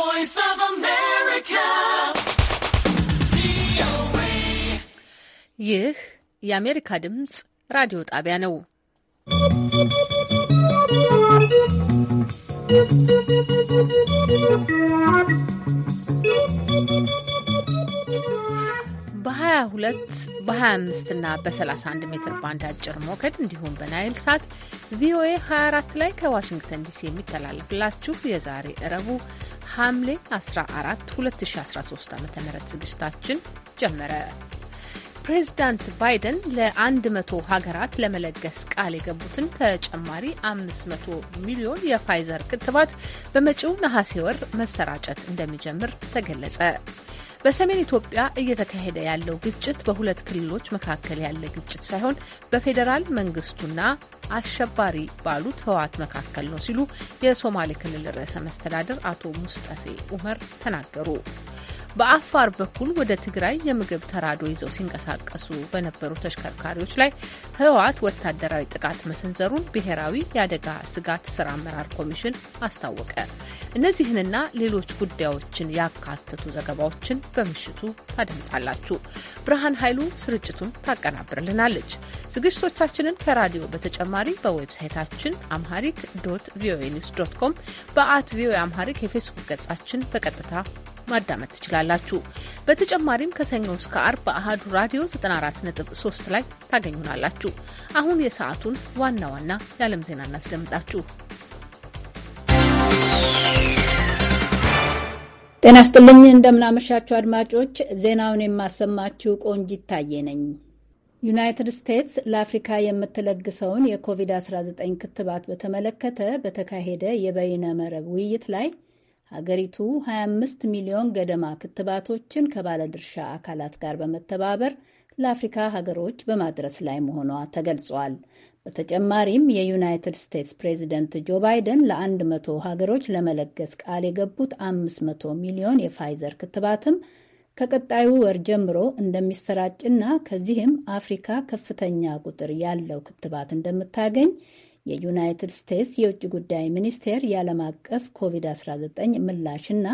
voice of America. ይህ የአሜሪካ ድምጽ ራዲዮ ጣቢያ ነው። በ22 በ25 እና በ31 ሜትር ባንድ አጭር ሞገድ እንዲሁም በናይል ሳት ቪኦኤ 24 ላይ ከዋሽንግተን ዲሲ የሚተላለፍላችሁ የዛሬ እረቡ ሐምሌ 14 2013 ዓ ም ዝግጅታችን ጀመረ። ፕሬዚዳንት ባይደን ለ100 ሀገራት ለመለገስ ቃል የገቡትን ተጨማሪ 500 ሚሊዮን የፋይዘር ክትባት በመጪው ነሐሴ ወር መሰራጨት እንደሚጀምር ተገለጸ። በሰሜን ኢትዮጵያ እየተካሄደ ያለው ግጭት በሁለት ክልሎች መካከል ያለ ግጭት ሳይሆን በፌዴራል መንግስቱና አሸባሪ ባሉት ህወሓት መካከል ነው ሲሉ የሶማሌ ክልል ርዕሰ መስተዳድር አቶ ሙስጠፌ ኡመር ተናገሩ። በአፋር በኩል ወደ ትግራይ የምግብ ተራዶ ይዘው ሲንቀሳቀሱ በነበሩ ተሽከርካሪዎች ላይ ህወሓት ወታደራዊ ጥቃት መሰንዘሩን ብሔራዊ የአደጋ ስጋት ስራ አመራር ኮሚሽን አስታወቀ። እነዚህንና ሌሎች ጉዳዮችን ያካተቱ ዘገባዎችን በምሽቱ ታደምጣላችሁ። ብርሃን ኃይሉ ስርጭቱን ታቀናብርልናለች። ዝግጅቶቻችንን ከራዲዮ በተጨማሪ በዌብሳይታችን አምሃሪክ ዶት ቪኦኤ ኒውስ ዶት ኮም፣ በአት ቪኦኤ አምሃሪክ የፌስቡክ ገጻችን በቀጥታ ማዳመጥ ትችላላችሁ። በተጨማሪም ከሰኞ እስከ አርብ በአህዱ ራዲዮ 943 ላይ ታገኙናላችሁ። አሁን የሰዓቱን ዋና ዋና የዓለም ዜና እናስደምጣችሁ። ጤና ስጥልኝ፣ እንደምናመሻችሁ አድማጮች። ዜናውን የማሰማችሁ ቆንጂ ይታየ ነኝ። ዩናይትድ ስቴትስ ለአፍሪካ የምትለግሰውን የኮቪድ-19 ክትባት በተመለከተ በተካሄደ የበይነ መረብ ውይይት ላይ ሀገሪቱ 25 ሚሊዮን ገደማ ክትባቶችን ከባለድርሻ አካላት ጋር በመተባበር ለአፍሪካ ሀገሮች በማድረስ ላይ መሆኗ ተገልጿል። በተጨማሪም የዩናይትድ ስቴትስ ፕሬዚደንት ጆ ባይደን ለአንድ መቶ ሀገሮች ለመለገስ ቃል የገቡት 500 ሚሊዮን የፋይዘር ክትባትም ከቀጣዩ ወር ጀምሮ እንደሚሰራጭና ከዚህም አፍሪካ ከፍተኛ ቁጥር ያለው ክትባት እንደምታገኝ የዩናይትድ ስቴትስ የውጭ ጉዳይ ሚኒስቴር የዓለም አቀፍ ኮቪድ-19 ምላሽና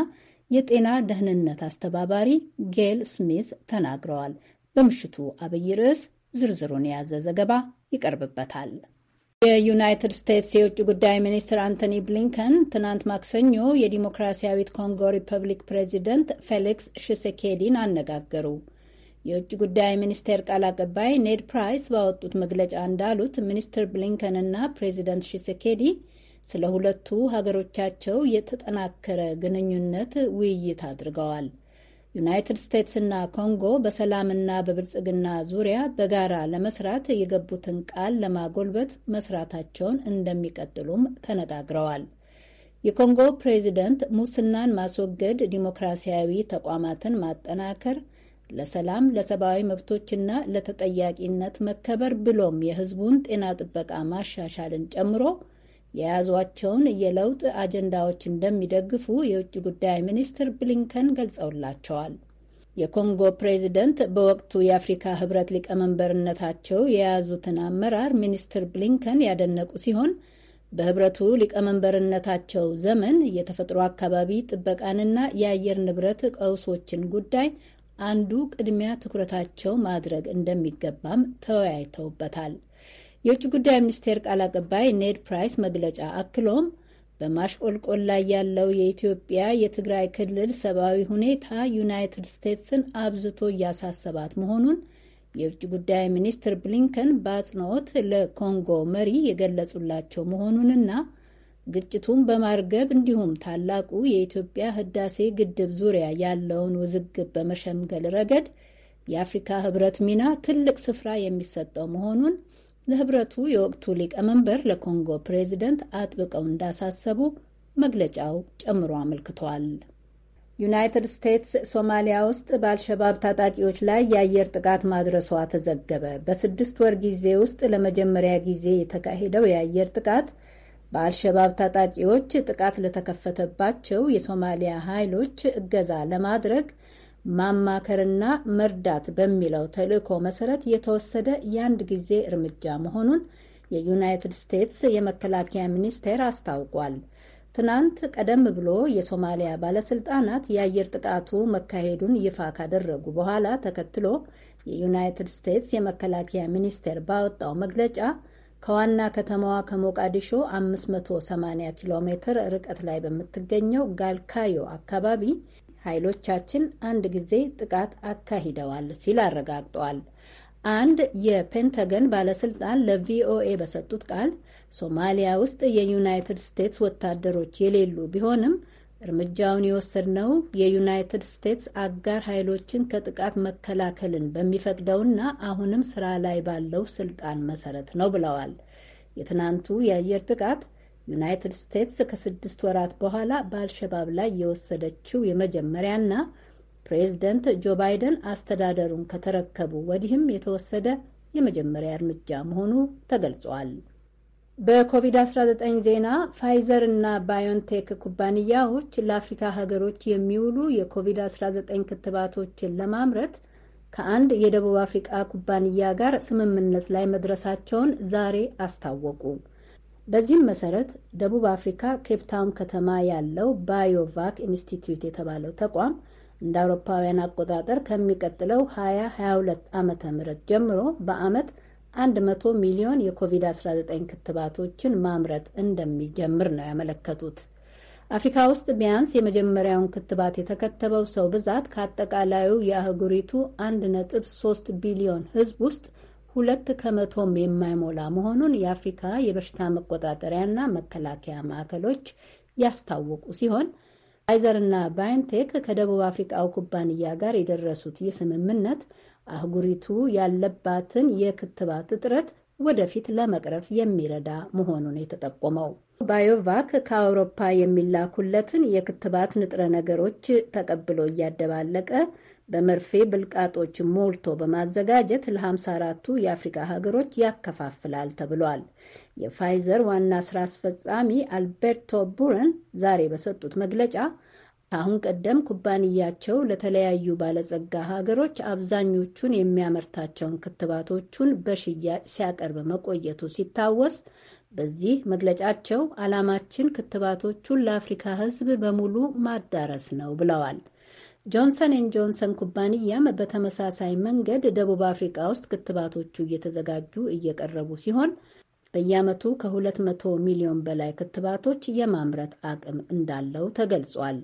የጤና ደህንነት አስተባባሪ ጌል ስሚዝ ተናግረዋል። በምሽቱ አብይ ርዕስ ዝርዝሩን የያዘ ዘገባ ይቀርብበታል። የዩናይትድ ስቴትስ የውጭ ጉዳይ ሚኒስትር አንቶኒ ብሊንከን ትናንት ማክሰኞ የዲሞክራሲያዊት ኮንጎ ሪፐብሊክ ፕሬዚደንት ፌሊክስ ሽሴኬዲን አነጋገሩ። የውጭ ጉዳይ ሚኒስቴር ቃል አቀባይ ኔድ ፕራይስ ባወጡት መግለጫ እንዳሉት ሚኒስትር ብሊንከን እና ፕሬዚደንት ሺሴኬዲ ስለ ሁለቱ ሀገሮቻቸው የተጠናከረ ግንኙነት ውይይት አድርገዋል። ዩናይትድ ስቴትስና ኮንጎ በሰላምና በብልጽግና ዙሪያ በጋራ ለመስራት የገቡትን ቃል ለማጎልበት መስራታቸውን እንደሚቀጥሉም ተነጋግረዋል። የኮንጎ ፕሬዚደንት ሙስናን ማስወገድ፣ ዲሞክራሲያዊ ተቋማትን ማጠናከር ለሰላም ለሰብአዊ መብቶችና ለተጠያቂነት መከበር ብሎም የሕዝቡን ጤና ጥበቃ ማሻሻልን ጨምሮ የያዟቸውን የለውጥ አጀንዳዎች እንደሚደግፉ የውጭ ጉዳይ ሚኒስትር ብሊንከን ገልጸውላቸዋል። የኮንጎ ፕሬዚደንት በወቅቱ የአፍሪካ ህብረት ሊቀመንበርነታቸው የያዙትን አመራር ሚኒስትር ብሊንከን ያደነቁ ሲሆን በህብረቱ ሊቀመንበርነታቸው ዘመን የተፈጥሮ አካባቢ ጥበቃንና የአየር ንብረት ቀውሶችን ጉዳይ አንዱ ቅድሚያ ትኩረታቸው ማድረግ እንደሚገባም ተወያይተውበታል። የውጭ ጉዳይ ሚኒስቴር ቃል አቀባይ ኔድ ፕራይስ መግለጫ አክሎም በማሽቆልቆል ላይ ያለው የኢትዮጵያ የትግራይ ክልል ሰብአዊ ሁኔታ ዩናይትድ ስቴትስን አብዝቶ እያሳሰባት መሆኑን የውጭ ጉዳይ ሚኒስትር ብሊንከን በአጽንኦት ለኮንጎ መሪ የገለጹላቸው መሆኑንና ግጭቱን በማርገብ እንዲሁም ታላቁ የኢትዮጵያ ህዳሴ ግድብ ዙሪያ ያለውን ውዝግብ በመሸምገል ረገድ የአፍሪካ ህብረት ሚና ትልቅ ስፍራ የሚሰጠው መሆኑን ለህብረቱ የወቅቱ ሊቀመንበር ለኮንጎ ፕሬዚደንት አጥብቀው እንዳሳሰቡ መግለጫው ጨምሮ አመልክቷል። ዩናይትድ ስቴትስ ሶማሊያ ውስጥ በአልሸባብ ታጣቂዎች ላይ የአየር ጥቃት ማድረሷ ተዘገበ። በስድስት ወር ጊዜ ውስጥ ለመጀመሪያ ጊዜ የተካሄደው የአየር ጥቃት በአልሸባብ ታጣቂዎች ጥቃት ለተከፈተባቸው የሶማሊያ ኃይሎች እገዛ ለማድረግ ማማከርና መርዳት በሚለው ተልዕኮ መሰረት የተወሰደ የአንድ ጊዜ እርምጃ መሆኑን የዩናይትድ ስቴትስ የመከላከያ ሚኒስቴር አስታውቋል። ትናንት ቀደም ብሎ የሶማሊያ ባለስልጣናት የአየር ጥቃቱ መካሄዱን ይፋ ካደረጉ በኋላ ተከትሎ የዩናይትድ ስቴትስ የመከላከያ ሚኒስቴር ባወጣው መግለጫ ከዋና ከተማዋ ከሞቃዲሾ 580 ኪሎ ሜትር ርቀት ላይ በምትገኘው ጋልካዮ አካባቢ ኃይሎቻችን አንድ ጊዜ ጥቃት አካሂደዋል ሲል አረጋግጧል። አንድ የፔንተገን ባለስልጣን ለቪኦኤ በሰጡት ቃል ሶማሊያ ውስጥ የዩናይትድ ስቴትስ ወታደሮች የሌሉ ቢሆንም እርምጃውን የወሰድነው የዩናይትድ ስቴትስ አጋር ኃይሎችን ከጥቃት መከላከልን በሚፈቅደውና አሁንም ስራ ላይ ባለው ስልጣን መሰረት ነው ብለዋል። የትናንቱ የአየር ጥቃት ዩናይትድ ስቴትስ ከስድስት ወራት በኋላ በአልሸባብ ላይ የወሰደችው የመጀመሪያና ፕሬዝደንት ጆ ባይደን አስተዳደሩን ከተረከቡ ወዲህም የተወሰደ የመጀመሪያ እርምጃ መሆኑ ተገልጿል። በኮቪድ-19 ዜና ፋይዘር እና ባዮንቴክ ኩባንያዎች ለአፍሪካ ሀገሮች የሚውሉ የኮቪድ-19 ክትባቶችን ለማምረት ከአንድ የደቡብ አፍሪቃ ኩባንያ ጋር ስምምነት ላይ መድረሳቸውን ዛሬ አስታወቁ። በዚህም መሰረት ደቡብ አፍሪካ ኬፕታውን ከተማ ያለው ባዮቫክ ኢንስቲትዩት የተባለው ተቋም እንደ አውሮፓውያን አቆጣጠር ከሚቀጥለው 2022 ዓመተ ምህረት ጀምሮ በአመት 100 ሚሊዮን የኮቪድ-19 ክትባቶችን ማምረት እንደሚጀምር ነው ያመለከቱት። አፍሪካ ውስጥ ቢያንስ የመጀመሪያውን ክትባት የተከተበው ሰው ብዛት ከአጠቃላዩ የአህጉሪቱ 1.3 ቢሊዮን ሕዝብ ውስጥ ሁለት ከመቶም የማይሞላ መሆኑን የአፍሪካ የበሽታ መቆጣጠሪያና መከላከያ ማዕከሎች ያስታወቁ ሲሆን ፋይዘርና ባዮንቴክ ከደቡብ አፍሪካው ኩባንያ ጋር የደረሱት ይህ ስምምነት አህጉሪቱ ያለባትን የክትባት እጥረት ወደፊት ለመቅረፍ የሚረዳ መሆኑን የተጠቆመው ባዮቫክ ከአውሮፓ የሚላኩለትን የክትባት ንጥረ ነገሮች ተቀብሎ እያደባለቀ በመርፌ ብልቃጦች ሞልቶ በማዘጋጀት ለ54ቱ የአፍሪካ ሀገሮች ያከፋፍላል ተብሏል። የፋይዘር ዋና ስራ አስፈጻሚ አልቤርቶ ቡረን ዛሬ በሰጡት መግለጫ ከአሁን ቀደም ኩባንያቸው ለተለያዩ ባለጸጋ ሀገሮች አብዛኞቹን የሚያመርታቸውን ክትባቶቹን በሽያጭ ሲያቀርብ መቆየቱ ሲታወስ፣ በዚህ መግለጫቸው ዓላማችን ክትባቶቹን ለአፍሪካ ሕዝብ በሙሉ ማዳረስ ነው ብለዋል። ጆንሰን ኤን ጆንሰን ኩባንያም በተመሳሳይ መንገድ ደቡብ አፍሪካ ውስጥ ክትባቶቹ እየተዘጋጁ እየቀረቡ ሲሆን በየዓመቱ ከ200 ሚሊዮን በላይ ክትባቶች የማምረት አቅም እንዳለው ተገልጿል።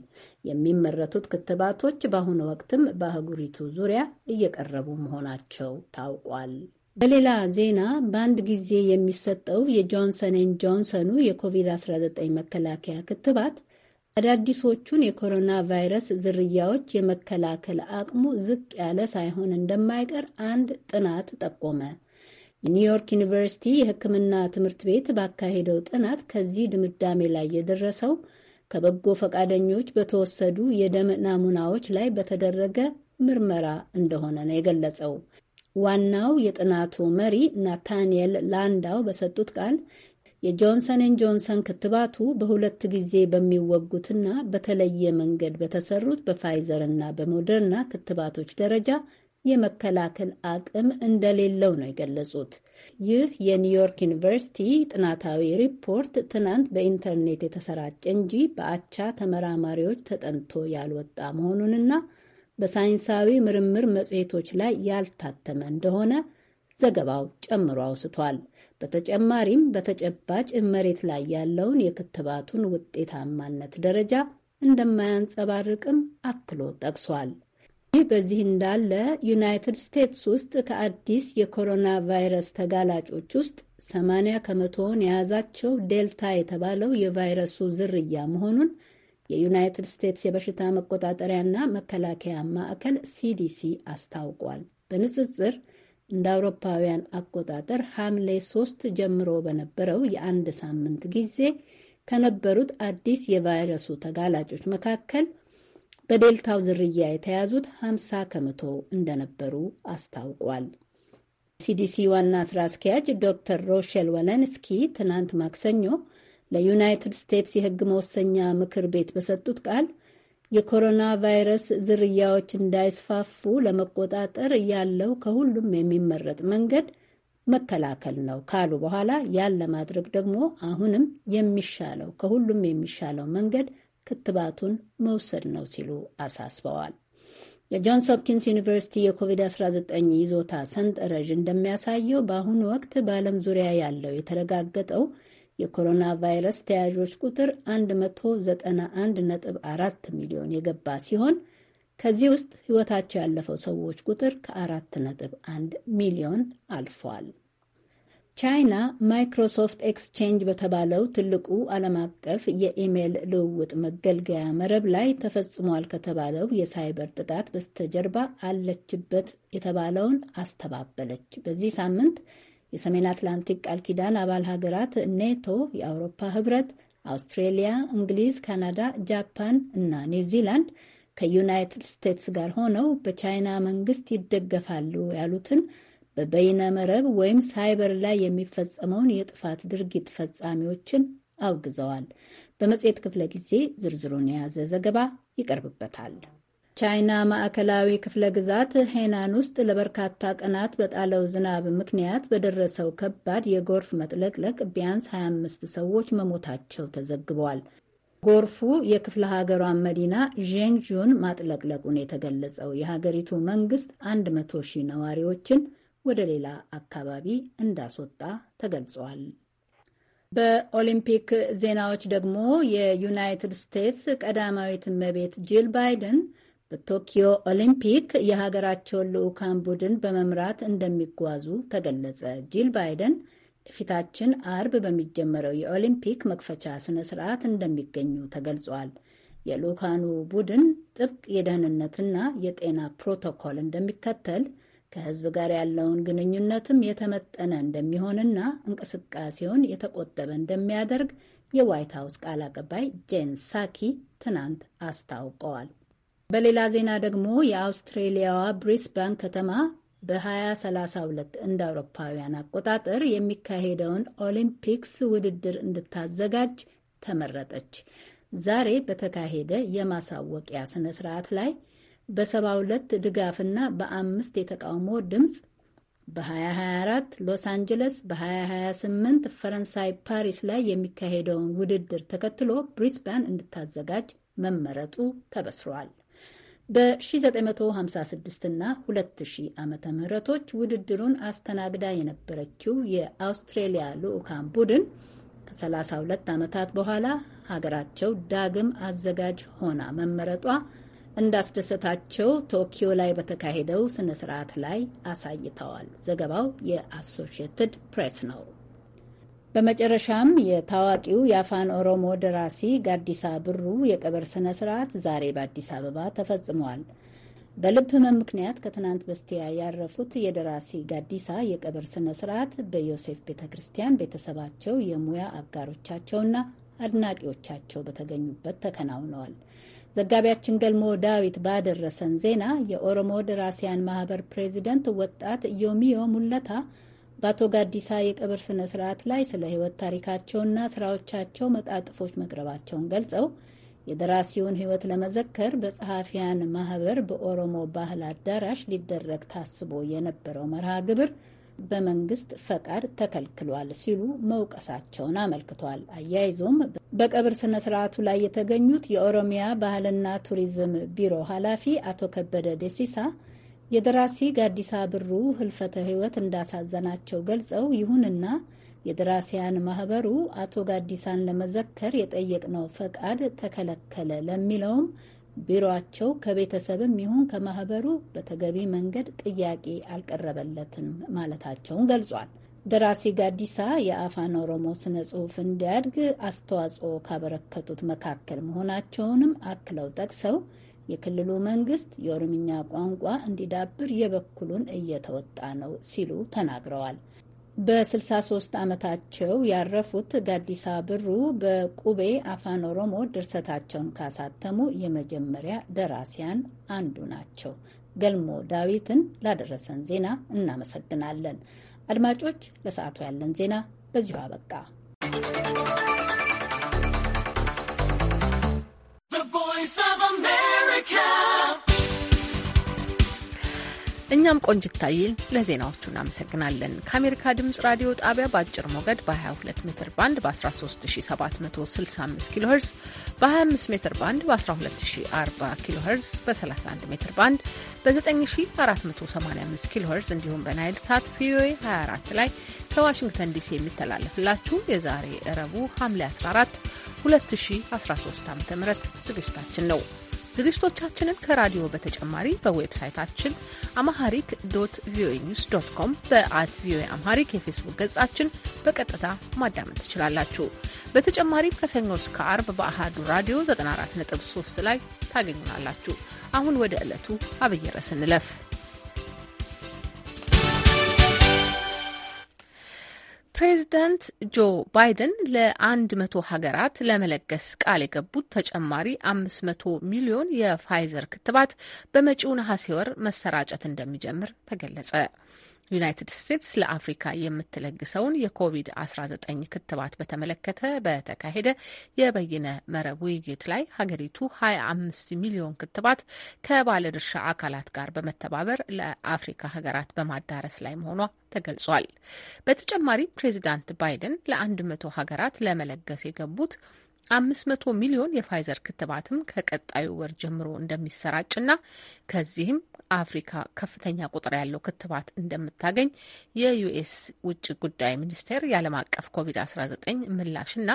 የሚመረቱት ክትባቶች በአሁኑ ወቅትም በአህጉሪቱ ዙሪያ እየቀረቡ መሆናቸው ታውቋል። በሌላ ዜና በአንድ ጊዜ የሚሰጠው የጆንሰን ኤንድ ጆንሰኑ የኮቪድ-19 መከላከያ ክትባት አዳዲሶቹን የኮሮና ቫይረስ ዝርያዎች የመከላከል አቅሙ ዝቅ ያለ ሳይሆን እንደማይቀር አንድ ጥናት ጠቆመ። የኒውዮርክ ዩኒቨርሲቲ የሕክምና ትምህርት ቤት ባካሄደው ጥናት ከዚህ ድምዳሜ ላይ የደረሰው ከበጎ ፈቃደኞች በተወሰዱ የደም ናሙናዎች ላይ በተደረገ ምርመራ እንደሆነ ነው የገለጸው። ዋናው የጥናቱ መሪ ናታንኤል ላንዳው በሰጡት ቃል የጆንሰንን ጆንሰን ክትባቱ በሁለት ጊዜ በሚወጉትና በተለየ መንገድ በተሰሩት በፋይዘር እና በሞደርና ክትባቶች ደረጃ የመከላከል አቅም እንደሌለው ነው የገለጹት። ይህ የኒውዮርክ ዩኒቨርሲቲ ጥናታዊ ሪፖርት ትናንት በኢንተርኔት የተሰራጨ እንጂ በአቻ ተመራማሪዎች ተጠንቶ ያልወጣ መሆኑንና በሳይንሳዊ ምርምር መጽሔቶች ላይ ያልታተመ እንደሆነ ዘገባው ጨምሮ አውስቷል። በተጨማሪም በተጨባጭ መሬት ላይ ያለውን የክትባቱን ውጤታማነት ደረጃ እንደማያንጸባርቅም አክሎ ጠቅሷል። ይህ በዚህ እንዳለ ዩናይትድ ስቴትስ ውስጥ ከአዲስ የኮሮና ቫይረስ ተጋላጮች ውስጥ 80 ከመቶውን የያዛቸው ዴልታ የተባለው የቫይረሱ ዝርያ መሆኑን የዩናይትድ ስቴትስ የበሽታ መቆጣጠሪያና መከላከያ ማዕከል ሲዲሲ አስታውቋል። በንጽጽር እንደ አውሮፓውያን አቆጣጠር ሐምሌ 3 ጀምሮ በነበረው የአንድ ሳምንት ጊዜ ከነበሩት አዲስ የቫይረሱ ተጋላጮች መካከል በዴልታው ዝርያ የተያዙት 50 ከመቶ እንደነበሩ አስታውቋል። ሲዲሲ ዋና ስራ አስኪያጅ ዶክተር ሮሼል ወለንስኪ ትናንት ማክሰኞ ለዩናይትድ ስቴትስ የሕግ መወሰኛ ምክር ቤት በሰጡት ቃል የኮሮና ቫይረስ ዝርያዎች እንዳይስፋፉ ለመቆጣጠር ያለው ከሁሉም የሚመረጥ መንገድ መከላከል ነው ካሉ በኋላ ያን ለማድረግ ደግሞ አሁንም የሚሻለው ከሁሉም የሚሻለው መንገድ ክትባቱን መውሰድ ነው ሲሉ አሳስበዋል። የጆንስ ሆፕኪንስ ዩኒቨርሲቲ የኮቪድ-19 ይዞታ ሰንጠረዥ እንደሚያሳየው በአሁኑ ወቅት በዓለም ዙሪያ ያለው የተረጋገጠው የኮሮና ቫይረስ ተያዦች ቁጥር 191.4 ሚሊዮን የገባ ሲሆን ከዚህ ውስጥ ሕይወታቸው ያለፈው ሰዎች ቁጥር ከ4.1 ሚሊዮን አልፏል። ቻይና ማይክሮሶፍት ኤክስቼንጅ በተባለው ትልቁ ዓለም አቀፍ የኢሜል ልውውጥ መገልገያ መረብ ላይ ተፈጽሟል ከተባለው የሳይበር ጥቃት በስተጀርባ አለችበት የተባለውን አስተባበለች። በዚህ ሳምንት የሰሜን አትላንቲክ ቃል ኪዳን አባል ሀገራት ኔቶ፣ የአውሮፓ ህብረት፣ አውስትሬሊያ፣ እንግሊዝ፣ ካናዳ፣ ጃፓን እና ኒውዚላንድ ከዩናይትድ ስቴትስ ጋር ሆነው በቻይና መንግስት ይደገፋሉ ያሉትን በበይነመረብ ወይም ሳይበር ላይ የሚፈጸመውን የጥፋት ድርጊት ፈጻሚዎችን አውግዘዋል። በመጽሔት ክፍለ ጊዜ ዝርዝሩን የያዘ ዘገባ ይቀርብበታል። ቻይና ማዕከላዊ ክፍለ ግዛት ሄናን ውስጥ ለበርካታ ቀናት በጣለው ዝናብ ምክንያት በደረሰው ከባድ የጎርፍ መጥለቅለቅ ቢያንስ 25 ሰዎች መሞታቸው ተዘግበዋል። ጎርፉ የክፍለ ሀገሯን መዲና ዤንግጁን ማጥለቅለቁን የተገለጸው የሀገሪቱ መንግስት 100 ሺህ ነዋሪዎችን ወደ ሌላ አካባቢ እንዳስወጣ ተገልጿል። በኦሊምፒክ ዜናዎች ደግሞ የዩናይትድ ስቴትስ ቀዳማዊት እመቤት ጂል ባይደን በቶኪዮ ኦሊምፒክ የሀገራቸውን ልዑካን ቡድን በመምራት እንደሚጓዙ ተገለጸ። ጂል ባይደን የፊታችን አርብ በሚጀመረው የኦሊምፒክ መክፈቻ ስነ ስርዓት እንደሚገኙ ተገልጿል። የልዑካኑ ቡድን ጥብቅ የደህንነትና የጤና ፕሮቶኮል እንደሚከተል ከህዝብ ጋር ያለውን ግንኙነትም የተመጠነ እንደሚሆንና እንቅስቃሴውን የተቆጠበ እንደሚያደርግ የዋይት ሀውስ ቃል አቀባይ ጄን ሳኪ ትናንት አስታውቀዋል። በሌላ ዜና ደግሞ የአውስትሬሊያዋ ብሪስባን ከተማ በ2032 እንደ አውሮፓውያን አቆጣጠር የሚካሄደውን ኦሊምፒክስ ውድድር እንድታዘጋጅ ተመረጠች። ዛሬ በተካሄደ የማሳወቂያ ስነ ስርዓት ላይ በ72 ድጋፍና በአምስት የተቃውሞ ድምፅ በ2024 ሎስ አንጀለስ በ2028 ፈረንሳይ ፓሪስ ላይ የሚካሄደውን ውድድር ተከትሎ ብሪስባን እንድታዘጋጅ መመረጡ ተበስሯል። በ1956 እና 2000 ዓመተ ምህረቶች ውድድሩን አስተናግዳ የነበረችው የአውስትሬሊያ ልዑካን ቡድን ከ32 ዓመታት በኋላ ሀገራቸው ዳግም አዘጋጅ ሆና መመረጧ እንዳስደሰታቸው ቶኪዮ ላይ በተካሄደው ስነ ስርዓት ላይ አሳይተዋል። ዘገባው የአሶሽየትድ ፕሬስ ነው። በመጨረሻም የታዋቂው የአፋን ኦሮሞ ደራሲ ጋዲሳ ብሩ የቀብር ስነ ስርዓት ዛሬ በአዲስ አበባ ተፈጽሟል። በልብ ህመም ምክንያት ከትናንት በስቲያ ያረፉት የደራሲ ጋዲሳ የቀብር ስነ ስርዓት በዮሴፍ ቤተ ክርስቲያን ቤተሰባቸው፣ የሙያ አጋሮቻቸውና አድናቂዎቻቸው በተገኙበት ተከናውነዋል። ዘጋቢያችን ገልሞ ዳዊት ባደረሰን ዜና የኦሮሞ ደራሲያን ማህበር ፕሬዚደንት ወጣት ዮሚዮ ሙለታ በአቶ ጋዲሳ የቀብር ስነ ስርዓት ላይ ስለ ህይወት ታሪካቸውና ስራዎቻቸው መጣጥፎች መቅረባቸውን ገልጸው የደራሲውን ህይወት ለመዘከር በጸሐፊያን ማህበር በኦሮሞ ባህል አዳራሽ ሊደረግ ታስቦ የነበረው መርሃ ግብር በመንግስት ፈቃድ ተከልክሏል ሲሉ መውቀሳቸውን አመልክቷል። አያይዞም በቀብር ስነ ስርዓቱ ላይ የተገኙት የኦሮሚያ ባህልና ቱሪዝም ቢሮ ኃላፊ አቶ ከበደ ደሲሳ የደራሲ ጋዲሳ ብሩ ህልፈተ ህይወት እንዳሳዘናቸው ገልጸው ይሁንና የደራሲያን ማህበሩ አቶ ጋዲሳን ለመዘከር የጠየቅነው ፈቃድ ተከለከለ ለሚለውም ቢሮአቸው ከቤተሰብም ይሁን ከማህበሩ በተገቢ መንገድ ጥያቄ አልቀረበለትም ማለታቸውን ገልጿል። ደራሲ ጋዲሳ የአፋን ኦሮሞ ስነ ጽሑፍ እንዲያድግ አስተዋጽኦ ካበረከቱት መካከል መሆናቸውንም አክለው ጠቅሰው የክልሉ መንግስት የኦሮምኛ ቋንቋ እንዲዳብር የበኩሉን እየተወጣ ነው ሲሉ ተናግረዋል። በ63 ዓመታቸው ያረፉት ጋዲሳ ብሩ በቁቤ አፋን ኦሮሞ ድርሰታቸውን ካሳተሙ የመጀመሪያ ደራሲያን አንዱ ናቸው። ገልሞ ዳዊትን ላደረሰን ዜና እናመሰግናለን። አድማጮች፣ ለሰዓቱ ያለን ዜና በዚሁ አበቃ። ቮይስ ኦፍ አሜሪካ እኛም ቆንጅታይን ለዜናዎቹ እናመሰግናለን። ከአሜሪካ ድምጽ ራዲዮ ጣቢያ በአጭር ሞገድ በ22 ሜትር ባንድ በ13765 ኪሎ ሄርዝ፣ በ25 ሜትር ባንድ በ1240 ኪሎ ሄርዝ፣ በ31 ሜትር ባንድ በ9485 ኪሎ ሄርዝ እንዲሁም በናይል ሳት ቪኦኤ 24 ላይ ከዋሽንግተን ዲሲ የሚተላለፍላችሁ የዛሬ እረቡ ሐምሌ 14 2013 ዓ ም ዝግጅታችን ነው። ዝግጅቶቻችንን ከራዲዮ በተጨማሪ በዌብሳይታችን አማሃሪክ ዶት ቪኦኤ ኒውስ ዶት ኮም በአት ቪኦኤ አማሃሪክ የፌስቡክ ገጻችን በቀጥታ ማዳመጥ ትችላላችሁ። በተጨማሪም ከሰኞ እስከ አርብ በአህዱ ራዲዮ 94.3 ላይ ታገኙናላችሁ። አሁን ወደ ዕለቱ አብይ ርዕስ እንለፍ። ፕሬዚዳንት ጆ ባይደን ለአንድ መቶ ሀገራት ለመለገስ ቃል የገቡት ተጨማሪ አምስት መቶ ሚሊዮን የፋይዘር ክትባት በመጪው ነሐሴ ወር መሰራጨት እንደሚጀምር ተገለጸ። ዩናይትድ ስቴትስ ለአፍሪካ የምትለግሰውን የኮቪድ-19 ክትባት በተመለከተ በተካሄደ የበይነ መረብ ውይይት ላይ ሀገሪቱ 25 ሚሊዮን ክትባት ከባለድርሻ አካላት ጋር በመተባበር ለአፍሪካ ሀገራት በማዳረስ ላይ መሆኗ ተገልጿል። በተጨማሪም ፕሬዚዳንት ባይደን ለ100 ሀገራት ለመለገስ የገቡት አምስት መቶ ሚሊዮን የፋይዘር ክትባትም ከቀጣዩ ወር ጀምሮ እንደሚሰራጭና ከዚህም አፍሪካ ከፍተኛ ቁጥር ያለው ክትባት እንደምታገኝ የዩኤስ ውጭ ጉዳይ ሚኒስቴር የዓለም አቀፍ ኮቪድ-19 ምላሽና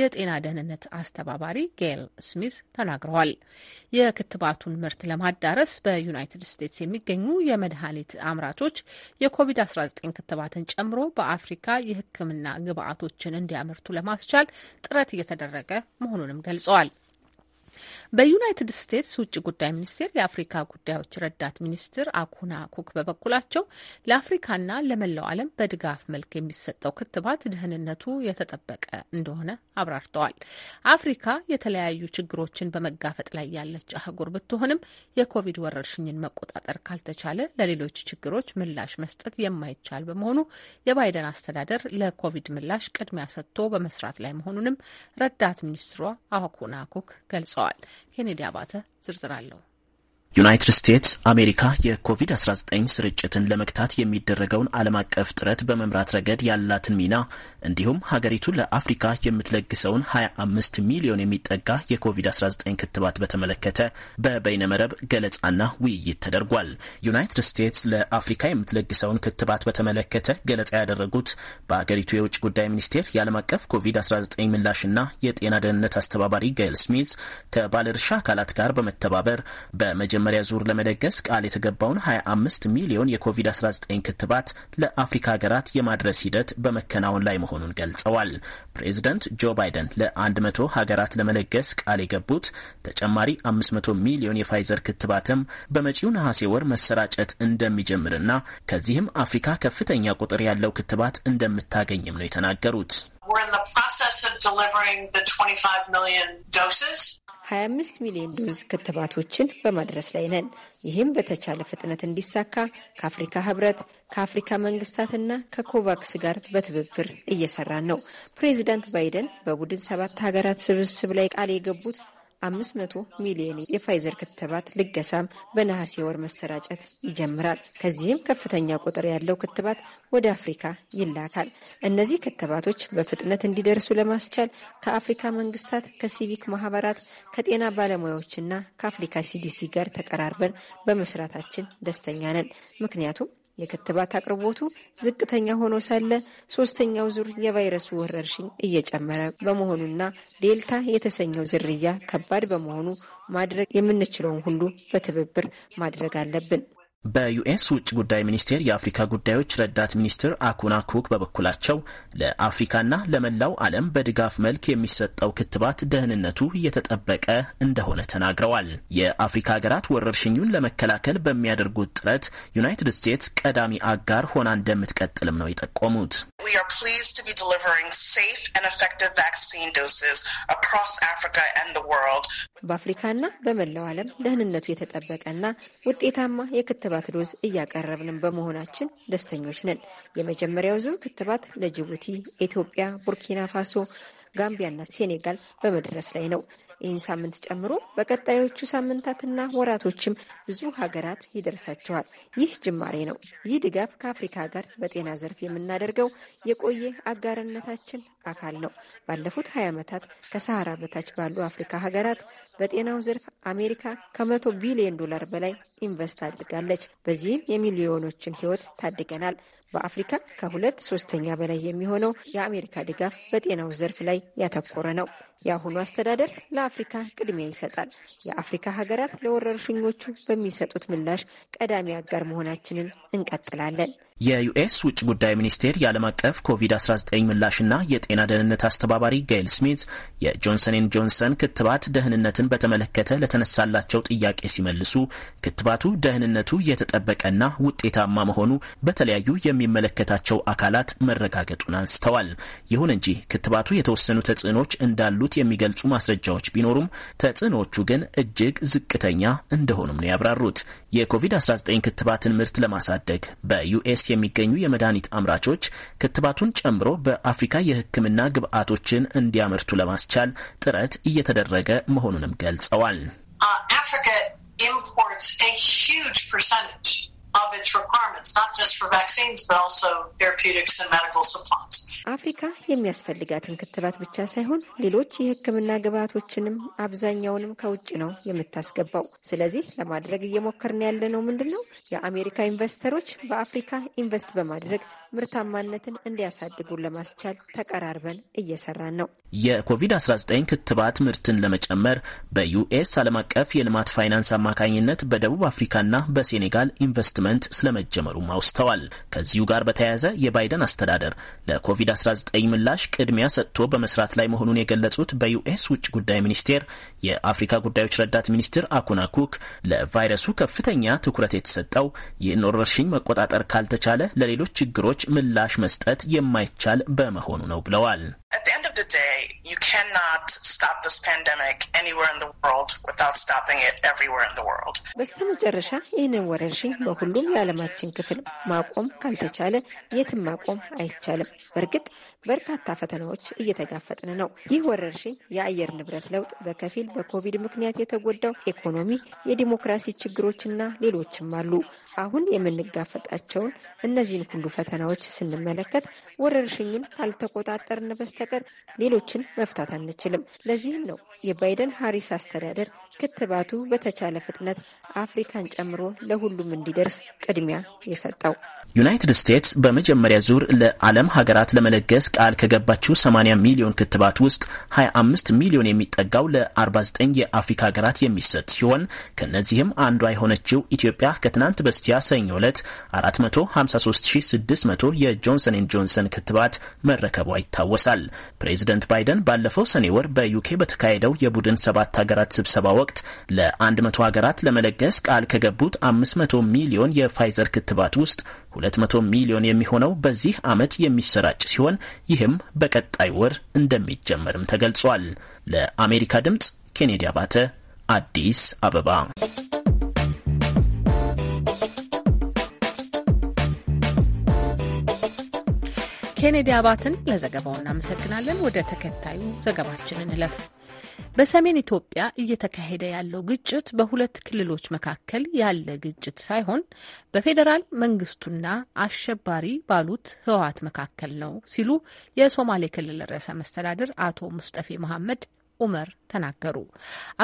የጤና ደህንነት አስተባባሪ ጌል ስሚዝ ተናግረዋል። የክትባቱን ምርት ለማዳረስ በዩናይትድ ስቴትስ የሚገኙ የመድኃኒት አምራቾች የኮቪድ-19 ክትባትን ጨምሮ በአፍሪካ የሕክምና ግብዓቶችን እንዲያመርቱ ለማስቻል ጥረት እየተደረገ መሆኑንም ገልጸዋል። በዩናይትድ ስቴትስ ውጭ ጉዳይ ሚኒስቴር የአፍሪካ ጉዳዮች ረዳት ሚኒስትር አኩና ኩክ በበኩላቸው ለአፍሪካና ለመላው ዓለም በድጋፍ መልክ የሚሰጠው ክትባት ደህንነቱ የተጠበቀ እንደሆነ አብራርተዋል። አፍሪካ የተለያዩ ችግሮችን በመጋፈጥ ላይ ያለች አህጉር ብትሆንም የኮቪድ ወረርሽኝን መቆጣጠር ካልተቻለ ለሌሎች ችግሮች ምላሽ መስጠት የማይቻል በመሆኑ የባይደን አስተዳደር ለኮቪድ ምላሽ ቅድሚያ ሰጥቶ በመስራት ላይ መሆኑንም ረዳት ሚኒስትሯ አኩና ኩክ ገልጸዋል። አስታውቀዋል። ኬኔዲ አባተ ዝርዝር አለው። ዩናይትድ ስቴትስ አሜሪካ የኮቪድ-19 ስርጭትን ለመግታት የሚደረገውን ዓለም አቀፍ ጥረት በመምራት ረገድ ያላትን ሚና እንዲሁም ሀገሪቱ ለአፍሪካ የምትለግሰውን 25 ሚሊዮን የሚጠጋ የኮቪድ-19 ክትባት በተመለከተ በበይነመረብ ገለጻና ውይይት ተደርጓል። ዩናይትድ ስቴትስ ለአፍሪካ የምትለግሰውን ክትባት በተመለከተ ገለጻ ያደረጉት በሀገሪቱ የውጭ ጉዳይ ሚኒስቴር የዓለም አቀፍ ኮቪድ-19 ምላሽና የጤና ደህንነት አስተባባሪ ጋይል ስሚዝ ከባለድርሻ አካላት ጋር በመተባበር በመጀመ የመጀመሪያ ዙር ለመለገስ ቃል የተገባውን 25 ሚሊዮን የኮቪድ-19 ክትባት ለአፍሪካ ሀገራት የማድረስ ሂደት በመከናወን ላይ መሆኑን ገልጸዋል። ፕሬዚደንት ጆ ባይደን ለ100 ሀገራት ለመለገስ ቃል የገቡት ተጨማሪ 500 ሚሊዮን የፋይዘር ክትባትም በመጪው ነሐሴ ወር መሰራጨት እንደሚጀምርና ከዚህም አፍሪካ ከፍተኛ ቁጥር ያለው ክትባት እንደምታገኝም ነው የተናገሩት። We're in the process of delivering the 25 million doses. 25 ሚሊዮን ዶዝ ክትባቶችን በማድረስ ላይ ነን። ይህም በተቻለ ፍጥነት እንዲሳካ ከአፍሪካ ህብረት፣ ከአፍሪካ መንግስታትና ከኮቫክስ ጋር በትብብር እየሰራን ነው። ፕሬዚዳንት ባይደን በቡድን ሰባት ሀገራት ስብስብ ላይ ቃል የገቡት 500 ሚሊዮን የፋይዘር ክትባት ልገሳም በነሐሴ ወር መሰራጨት ይጀምራል። ከዚህም ከፍተኛ ቁጥር ያለው ክትባት ወደ አፍሪካ ይላካል። እነዚህ ክትባቶች በፍጥነት እንዲደርሱ ለማስቻል ከአፍሪካ መንግስታት፣ ከሲቪክ ማህበራት፣ ከጤና ባለሙያዎችና ከአፍሪካ ሲዲሲ ጋር ተቀራርበን በመስራታችን ደስተኛ ነን። ምክንያቱም የክትባት አቅርቦቱ ዝቅተኛ ሆኖ ሳለ ሶስተኛው ዙር የቫይረሱ ወረርሽኝ እየጨመረ በመሆኑና ዴልታ የተሰኘው ዝርያ ከባድ በመሆኑ ማድረግ የምንችለውን ሁሉ በትብብር ማድረግ አለብን። በዩኤስ ውጭ ጉዳይ ሚኒስቴር የአፍሪካ ጉዳዮች ረዳት ሚኒስትር አኩና ኩክ በበኩላቸው ለአፍሪካና ለመላው ዓለም በድጋፍ መልክ የሚሰጠው ክትባት ደህንነቱ እየተጠበቀ እንደሆነ ተናግረዋል። የአፍሪካ ሀገራት ወረርሽኙን ለመከላከል በሚያደርጉት ጥረት ዩናይትድ ስቴትስ ቀዳሚ አጋር ሆና እንደምትቀጥልም ነው የጠቆሙት። በአፍሪካና በመላው ዓለም ደህንነቱ የተጠበቀና ውጤታማ የክትባት የክትባት ዶዝ እያቀረብንም በመሆናችን ደስተኞች ነን። የመጀመሪያው ዙር ክትባት ለጅቡቲ፣ ኢትዮጵያ፣ ቡርኪና ፋሶ ጋምቢያና ሴኔጋል በመድረስ ላይ ነው። ይህን ሳምንት ጨምሮ በቀጣዮቹ ሳምንታትና ወራቶችም ብዙ ሀገራት ይደርሳቸዋል። ይህ ጅማሬ ነው። ይህ ድጋፍ ከአፍሪካ ጋር በጤና ዘርፍ የምናደርገው የቆየ አጋርነታችን አካል ነው። ባለፉት ሀያ ዓመታት ከሰሃራ በታች ባሉ አፍሪካ ሀገራት በጤናው ዘርፍ አሜሪካ ከመቶ ቢሊዮን ዶላር በላይ ኢንቨስት አድርጋለች። በዚህም የሚሊዮኖችን ሕይወት ታድገናል። በአፍሪካ ከሁለት ሶስተኛ በላይ የሚሆነው የአሜሪካ ድጋፍ በጤናው ዘርፍ ላይ ያተኮረ ነው። የአሁኑ አስተዳደር ለአፍሪካ ቅድሚያ ይሰጣል። የአፍሪካ ሀገራት ለወረርሽኞቹ በሚሰጡት ምላሽ ቀዳሚ አጋር መሆናችንን እንቀጥላለን። የዩኤስ ውጭ ጉዳይ ሚኒስቴር የዓለም አቀፍ ኮቪድ-19 ምላሽና የጤና ደህንነት አስተባባሪ ጋይል ስሚት የጆንሰን ኤንድ ጆንሰን ክትባት ደህንነትን በተመለከተ ለተነሳላቸው ጥያቄ ሲመልሱ ክትባቱ ደህንነቱ የተጠበቀና ውጤታማ መሆኑ በተለያዩ የሚመለከታቸው አካላት መረጋገጡን አንስተዋል። ይሁን እንጂ ክትባቱ የተወሰኑ ተጽዕኖች እንዳሉት የሚገልጹ ማስረጃዎች ቢኖሩም ተጽዕኖዎቹ ግን እጅግ ዝቅተኛ እንደሆኑም ነው ያብራሩት። የኮቪድ-19 ክትባትን ምርት ለማሳደግ በዩኤስ በግብጽ የሚገኙ የመድኃኒት አምራቾች ክትባቱን ጨምሮ በአፍሪካ የሕክምና ግብዓቶችን እንዲያመርቱ ለማስቻል ጥረት እየተደረገ መሆኑንም ገልጸዋል። uh, of its requirements, not just for vaccines, but also therapeutics and medical supplies. አፍሪካ የሚያስፈልጋትን ክትባት ብቻ ሳይሆን ሌሎች የሕክምና ግብዓቶችንም አብዛኛውንም ከውጭ ነው የምታስገባው። ስለዚህ ለማድረግ እየሞከርን ያለ ነው ምንድን ነው የአሜሪካ ኢንቨስተሮች በአፍሪካ ኢንቨስት በማድረግ ምርታማነትን እንዲያሳድጉን ለማስቻል ተቀራርበን እየሰራን ነው። የኮቪድ-19 ክትባት ምርትን ለመጨመር በዩኤስ ዓለም አቀፍ የልማት ፋይናንስ አማካኝነት በደቡብ አፍሪካና በሴኔጋል ኢንቨስትመንት ስለመጀመሩም አውስተዋል። ከዚሁ ጋር በተያያዘ የባይደን አስተዳደር ለኮቪድ 19 ምላሽ ቅድሚያ ሰጥቶ በመስራት ላይ መሆኑን የገለጹት በዩኤስ ውጭ ጉዳይ ሚኒስቴር የአፍሪካ ጉዳዮች ረዳት ሚኒስትር አኩና ኩክ ለቫይረሱ ከፍተኛ ትኩረት የተሰጠው ይህን ወረርሽኝ መቆጣጠር ካልተቻለ ለሌሎች ችግሮች ምላሽ መስጠት የማይቻል በመሆኑ ነው ብለዋል። At the end of the day, you cannot stop this pandemic anywhere in the world without stopping it everywhere in the world. በስተመጨረሻ ይህንን ወረርሽኝ በሁሉም የዓለማችን ክፍል ማቆም ካልተቻለ የትም ማቆም አይቻልም። በእርግጥ በርካታ ፈተናዎች እየተጋፈጥን ነው። ይህ ወረርሽኝ፣ የአየር ንብረት ለውጥ፣ በከፊል በኮቪድ ምክንያት የተጎዳው ኢኮኖሚ፣ የዲሞክራሲ ችግሮችና ሌሎችም አሉ። አሁን የምንጋፈጣቸውን እነዚህን ሁሉ ፈተናዎች ስንመለከት ወረርሽኙን ካልተቆጣጠርን በስተቀር ሌሎችን መፍታት አንችልም። ለዚህም ነው የባይደን ሀሪስ አስተዳደር ክትባቱ በተቻለ ፍጥነት አፍሪካን ጨምሮ ለሁሉም እንዲደርስ ቅድሚያ የሰጠው። ዩናይትድ ስቴትስ በመጀመሪያ ዙር ለዓለም ሀገራት ለመለገስ ቃል ከገባችው 80 ሚሊዮን ክትባት ውስጥ 25 ሚሊዮን የሚጠጋው ለ49 የአፍሪካ ሀገራት የሚሰጥ ሲሆን ከእነዚህም አንዷ የሆነችው ኢትዮጵያ ከትናንት በስቲያ ሰኞ ዕለት 453600 የጆንሰን ኤንድ ጆንሰን ክትባት መረከቧ ይታወሳል። ፕሬዚደንት ባይደን ባለፈው ሰኔ ወር በዩኬ በተካሄደው የቡድን ሰባት ሀገራት ስብሰባ ወቅት ለ100 ሀገራት ለመለገስ ቃል ከገቡት 500 ሚሊዮን የፋይዘር ክትባት ውስጥ 200 ሚሊዮን የሚሆነው በዚህ ዓመት የሚሰራጭ ሲሆን ይህም በቀጣይ ወር እንደሚጀመርም ተገልጿል። ለአሜሪካ ድምፅ ኬኔዲ አባተ አዲስ አበባ። ኬኔዲ አባትን ለዘገባው እናመሰግናለን። ወደ ተከታዩ ዘገባችንን እንለፍ። በሰሜን ኢትዮጵያ እየተካሄደ ያለው ግጭት በሁለት ክልሎች መካከል ያለ ግጭት ሳይሆን በፌዴራል መንግስቱና አሸባሪ ባሉት ህወሀት መካከል ነው ሲሉ የሶማሌ ክልል ርዕሰ መስተዳድር አቶ ሙስጠፌ መሐመድ ኡመር ተናገሩ።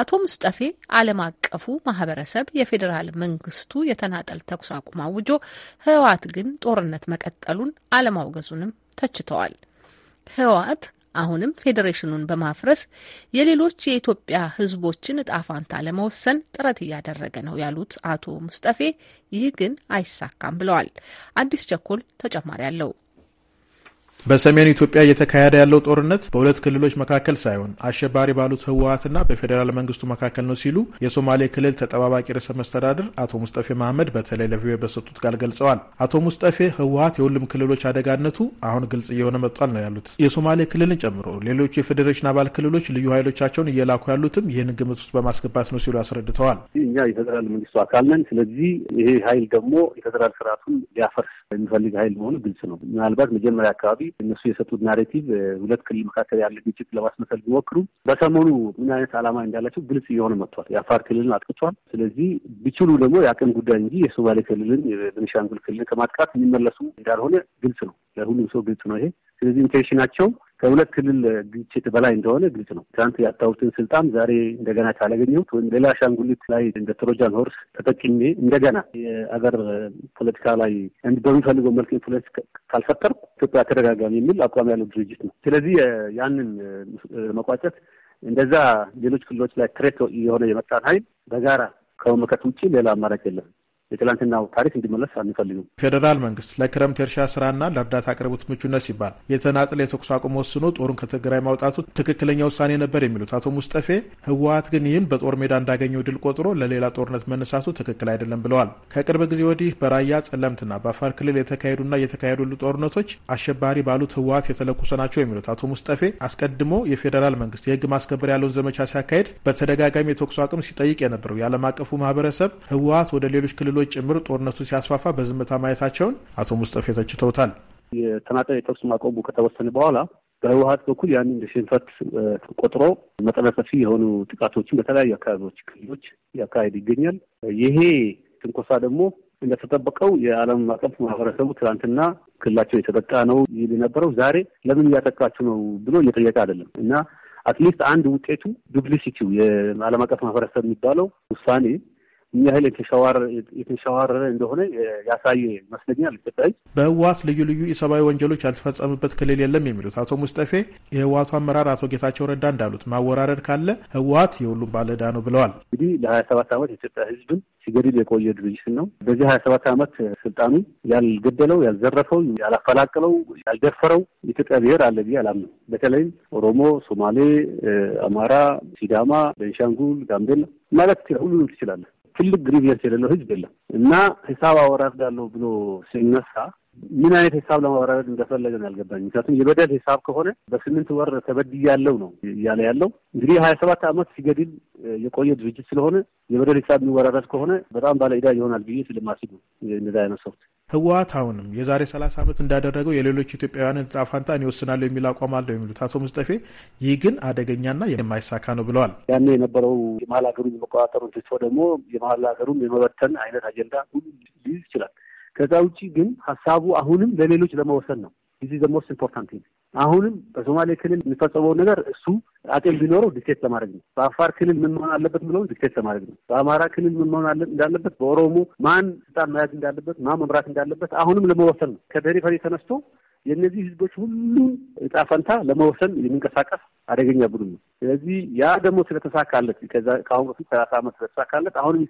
አቶ ሙስጠፌ ዓለም አቀፉ ማህበረሰብ የፌዴራል መንግስቱ የተናጠል ተኩስ አቁም አውጆ ህወሀት ግን ጦርነት መቀጠሉን አለማውገዙንም ተችተዋል። ህወሀት አሁንም ፌዴሬሽኑን በማፍረስ የሌሎች የኢትዮጵያ ህዝቦችን እጣ ፋንታ ለመወሰን ጥረት እያደረገ ነው ያሉት አቶ ሙስጠፌ ይህ ግን አይሳካም ብለዋል። አዲስ ቸኮል ተጨማሪ አለው። በሰሜን ኢትዮጵያ እየተካሄደ ያለው ጦርነት በሁለት ክልሎች መካከል ሳይሆን አሸባሪ ባሉት ህወሀትና በፌዴራል መንግስቱ መካከል ነው ሲሉ የሶማሌ ክልል ተጠባባቂ ርዕሰ መስተዳድር አቶ ሙስጠፌ መሀመድ በተለይ ለቪኦኤ በሰጡት ቃል ገልጸዋል። አቶ ሙስጠፌ ህወሀት የሁሉም ክልሎች አደጋነቱ አሁን ግልጽ እየሆነ መጥቷል ነው ያሉት። የሶማሌ ክልልን ጨምሮ ሌሎቹ የፌዴሬሽን አባል ክልሎች ልዩ ኃይሎቻቸውን እየላኩ ያሉትም ይህን ግምት ውስጥ በማስገባት ነው ሲሉ አስረድተዋል። እኛ የፌዴራል መንግስቱ አካል ነን። ስለዚህ ይሄ ኃይል ደግሞ የፌዴራል ስርዓቱን ሊያፈርስ የሚፈልግ ኃይል መሆኑ ግልጽ ነው። ምናልባት መጀመሪያ አካባቢ እነሱ የሰጡት ናሬቲቭ ሁለት ክልል መካከል ያለ ግጭት ለማስመሰል ቢሞክሩ በሰሞኑ ምን አይነት ዓላማ እንዳላቸው ግልጽ እየሆነ መጥቷል። የአፋር ክልልን አጥቅቷል። ስለዚህ ቢችሉ ደግሞ የአቅም ጉዳይ እንጂ የሶማሌ ክልልን፣ የቤኒሻንጉል ክልልን ከማጥቃት የሚመለሱ እንዳልሆነ ግልጽ ነው። ለሁሉም ሰው ግልጽ ነው ይሄ። ስለዚህ ኢንቴንሽናቸው ከሁለት ክልል ግጭት በላይ እንደሆነ ግልጽ ነው። ትናንት ያጣሁትን ስልጣን ዛሬ እንደገና ካላገኘሁት ወይም ሌላ አሻንጉሊት ላይ እንደ ትሮጃን ሆርስ ተጠቅሜ እንደገና የአገር ፖለቲካ ላይ በሚፈልገው መልክ ኢንፍሉዌንስ ካልፈጠርኩ ኢትዮጵያ ተደጋጋሚ የሚል አቋም ያለው ድርጅት ነው። ስለዚህ ያንን መቋጨት እንደዛ ሌሎች ክልሎች ላይ ትሬት የሆነ የመጣን ኃይል በጋራ ከመመከት ውጭ ሌላ አማራጭ የለም። የትላንትናው ታሪክ እንዲመለስ አንፈልግም። ፌዴራል መንግስት ለክረምት የእርሻ ስራና ለእርዳታ አቅርቦት ምቹነት ሲባል የተናጥል የተኩስ አቁም ወስኖ ጦሩን ከትግራይ ማውጣቱ ትክክለኛ ውሳኔ ነበር የሚሉት አቶ ሙስጠፌ፣ ህወሀት ግን ይህን በጦር ሜዳ እንዳገኘው ድል ቆጥሮ ለሌላ ጦርነት መነሳቱ ትክክል አይደለም ብለዋል። ከቅርብ ጊዜ ወዲህ በራያ ጸለምትና በአፋር ክልል የተካሄዱና እየተካሄዱ ጦርነቶች አሸባሪ ባሉት ህወሀት የተለኮሰ ናቸው የሚሉት አቶ ሙስጠፌ አስቀድሞ የፌዴራል መንግስት የህግ ማስከበር ያለውን ዘመቻ ሲያካሄድ በተደጋጋሚ የተኩስ አቁም ሲጠይቅ የነበረው የዓለም አቀፉ ማህበረሰብ ህወሀት ወደ ሌሎች ክልሎች ኃይሎች ጭምር ጦርነቱ ሲያስፋፋ በዝምታ ማየታቸውን አቶ ሙስጠፌ ተችተውታል። የተናጠ የተኩስ ማቆሙ ከተወሰነ በኋላ በህወሀት በኩል ያንን ሽንፈት ቆጥሮ መጠነ ሰፊ የሆኑ ጥቃቶችን በተለያዩ አካባቢዎች፣ ክልሎች ያካሄድ ይገኛል። ይሄ ትንኮሳ ደግሞ እንደተጠበቀው የዓለም አቀፍ ማህበረሰቡ ትናንትና ክልላቸው የተጠቃ ነው ይል የነበረው ዛሬ ለምን እያጠቃችሁ ነው ብሎ እየጠየቀ አይደለም እና አትሊስት አንድ ውጤቱ ዱፕሊሲቲው የዓለም አቀፍ ማህበረሰብ የሚባለው ውሳኔ ምን ያህል እንደሆነ ያሳየ ይመስለኛል። ኢትዮጵያ በህወሀት ልዩ ልዩ የሰብአዊ ወንጀሎች ያልተፈጸመበት ክልል የለም የሚሉት አቶ ሙስጠፌ የህወሀቱ አመራር አቶ ጌታቸው ረዳ እንዳሉት ማወራረድ ካለ ህወሀት የሁሉም ባለዕዳ ነው ብለዋል። እንግዲህ ለሀያ ሰባት ዓመት የኢትዮጵያ ህዝብን ሲገድል የቆየ ድርጅት ነው። በዚህ ሀያ ሰባት ዓመት ስልጣኑ ያልገደለው፣ ያልዘረፈው፣ ያላፈላቀለው፣ ያልደፈረው የኢትዮጵያ ብሔር አለ ብዬ አላምነው። በተለይም ኦሮሞ፣ ሶማሌ፣ አማራ፣ ሲዳማ፣ ቤንሻንጉል፣ ጋምቤላ ማለት ሁሉንም ትችላለህ ትልቅ ግሪቪየንስ የሌለው ህዝብ የለም እና ሂሳብ አወራርዳለሁ ብሎ ሲነሳ ምን አይነት ሂሳብ ለማወራረድ እንደፈለገ አልገባኝ። ምክንያቱም የበደል ሂሳብ ከሆነ በስምንት ወር ተበድያለሁ ነው እያለ ያለው። እንግዲህ ሀያ ሰባት ዓመት ሲገድል የቆየ ድርጅት ስለሆነ የበደል ሂሳብ የሚወራረድ ከሆነ በጣም ባለ ዕዳ ይሆናል ብዬ ስለማስብ ነው ህወሀት አሁንም የዛሬ ሰላሳ ዓመት እንዳደረገው የሌሎች ኢትዮጵያውያን ዕጣ ፋንታን የሚል አቋም አለው የሚሉት አቶ ሙስጠፌ ይህ ግን አደገኛና የማይሳካ ነው ብለዋል። ያኔ የነበረው የመሀል ሀገሩን የመቆጣጠሩን ትቶ ደግሞ የመሀል ሀገሩን የመበተን አይነት አጀንዳ ሁሉ ሊይዝ ይችላል። ከዛ ውጭ ግን ሀሳቡ አሁንም ለሌሎች ለመወሰን ነው። ዚ ዘ ሞስት ኢምፖርታንት ቲንግ አሁንም በሶማሌ ክልል የሚፈጸመውን ነገር እሱ አጤም ቢኖረው ዲክቴት ለማድረግ ነው። በአፋር ክልል ምን መሆን አለበት ብለው ዲክቴት ለማድረግ ነው። በአማራ ክልል ምን መሆን እንዳለበት፣ በኦሮሞ ማን ስልጣን መያዝ እንዳለበት፣ ማን መምራት እንዳለበት አሁንም ለመወሰን ነው። ከደሪፈሪ ተነስቶ የእነዚህ ህዝቦች ሁሉም እጣ ፈንታ ለመወሰን የሚንቀሳቀስ አደገኛ ቡድን ነው። ስለዚህ ያ ደግሞ ስለተሳካለት ከዛ ከአሁን በፊት ሰላሳ ዓመት ስለተሳካለት አሁንም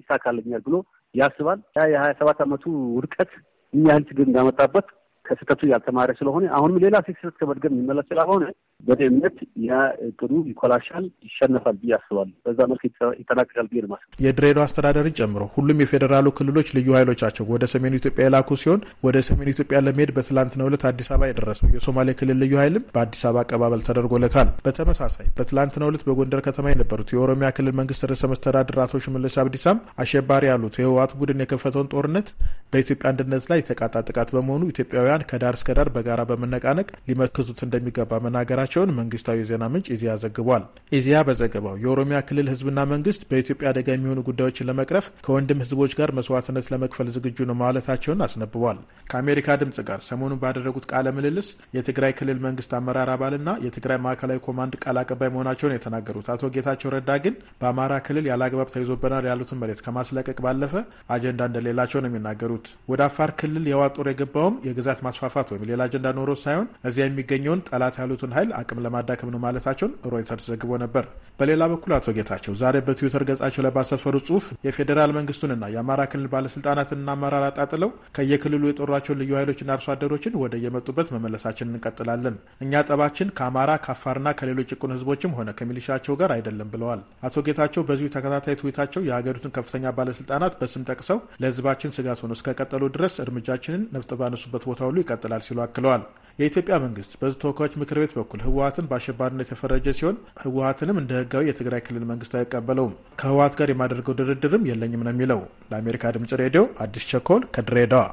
ይሳካለኛል ብሎ ያስባል። ያ የሀያ ሰባት ዓመቱ ውድቀት ምን ያህል ችግር እንዳመጣበት ከስህተቱ ያልተማረ ስለሆነ አሁንም ሌላ ስህተት ከመድገም የሚመለስ ስላልሆነ በደህንነት ያ እቅዱ ይኮላሻል፣ ይሸነፋል ብዬ አስባለሁ። በዛ መልክ ይጠናቀቃል ብዬ ልማስ የድሬዳዋ አስተዳደርን ጨምሮ ሁሉም የፌዴራሉ ክልሎች ልዩ ኃይሎቻቸው ወደ ሰሜኑ ኢትዮጵያ የላኩ ሲሆን ወደ ሰሜኑ ኢትዮጵያ ለመሄድ በትላንትናው ዕለት አዲስ አበባ የደረሰው የሶማሌ ክልል ልዩ ኃይልም በአዲስ አበባ አቀባበል ተደርጎለታል። በተመሳሳይ በትላንትናው ዕለት በጎንደር ከተማ የነበሩት የኦሮሚያ ክልል መንግስት ርዕሰ መስተዳድር አቶ ሽመልስ አብዲሳም አሸባሪ ያሉት የህወሓት ቡድን የከፈተውን ጦርነት በኢትዮጵያ አንድነት ላይ የተቃጣ ጥቃት በመሆኑ ኢትዮጵያውያን ኢትዮጵያን ከዳር እስከ ዳር በጋራ በመነቃነቅ ሊመክቱት እንደሚገባ መናገራቸውን መንግስታዊ የዜና ምንጭ ኢዚያ ዘግቧል። ኢዚያ በዘገባው የኦሮሚያ ክልል ህዝብና መንግስት በኢትዮጵያ አደጋ የሚሆኑ ጉዳዮችን ለመቅረፍ ከወንድም ህዝቦች ጋር መስዋዕትነት ለመክፈል ዝግጁ ነው ማለታቸውን አስነብቧል። ከአሜሪካ ድምጽ ጋር ሰሞኑን ባደረጉት ቃለ ምልልስ የትግራይ ክልል መንግስት አመራር አባልና የትግራይ ማዕከላዊ ኮማንድ ቃል አቀባይ መሆናቸውን የተናገሩት አቶ ጌታቸው ረዳ ግን በአማራ ክልል ያለ አግባብ ተይዞበናል ያሉትን መሬት ከማስለቀቅ ባለፈ አጀንዳ እንደሌላቸው ነው የሚናገሩት። ወደ አፋር ክልል የዋጦር የገባውም የግዛት ማስፋፋት ወይም ሌላ አጀንዳ ኖሮ ሳይሆን እዚያ የሚገኘውን ጠላት ያሉትን ኃይል አቅም ለማዳከም ነው ማለታቸውን ሮይተርስ ዘግቦ ነበር። በሌላ በኩል አቶ ጌታቸው ዛሬ በትዊተር ገጻቸው ላይ ባሰፈሩ ጽሁፍ የፌዴራል መንግስቱንና የአማራ ክልል ባለስልጣናትንና አመራር አጣጥለው ከየክልሉ የጦሯቸውን ልዩ ኃይሎችና አርሶ አደሮችን ወደ የመጡበት መመለሳችን እንቀጥላለን። እኛ ጠባችን ከአማራ ከአፋርና ከሌሎች ጭቁን ህዝቦችም ሆነ ከሚሊሻቸው ጋር አይደለም ብለዋል። አቶ ጌታቸው በዚሁ ተከታታይ ትዊታቸው የሀገሪቱን ከፍተኛ ባለስልጣናት በስም ጠቅሰው ለህዝባችን ስጋት ሆኖ እስከቀጠሉ ድረስ እርምጃችንን ነፍጥ ባነሱበት ቦታ ሁሉ ይቀጥላል ሲሉ አክለዋል። የኢትዮጵያ መንግስት በህዝብ ተወካዮች ምክር ቤት በኩል ህወሀትን በአሸባሪነት የፈረጀ ሲሆን ህወሀትንም እንደ ህጋዊ የትግራይ ክልል መንግስት አይቀበለውም። ከህወሀት ጋር የማደርገው ድርድርም የለኝም ነው የሚለው። ለአሜሪካ ድምጽ ሬዲዮ አዲስ ቸኮል ከድሬዳዋ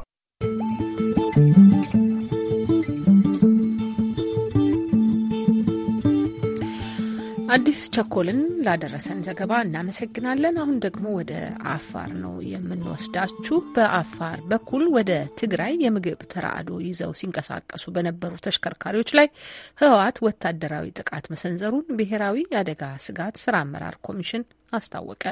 አዲስ ቸኮልን ላደረሰን ዘገባ እናመሰግናለን። አሁን ደግሞ ወደ አፋር ነው የምንወስዳችሁ። በአፋር በኩል ወደ ትግራይ የምግብ ተራድኦ ይዘው ሲንቀሳቀሱ በነበሩ ተሽከርካሪዎች ላይ ህወሓት ወታደራዊ ጥቃት መሰንዘሩን ብሔራዊ የአደጋ ስጋት ስራ አመራር ኮሚሽን አስታወቀ።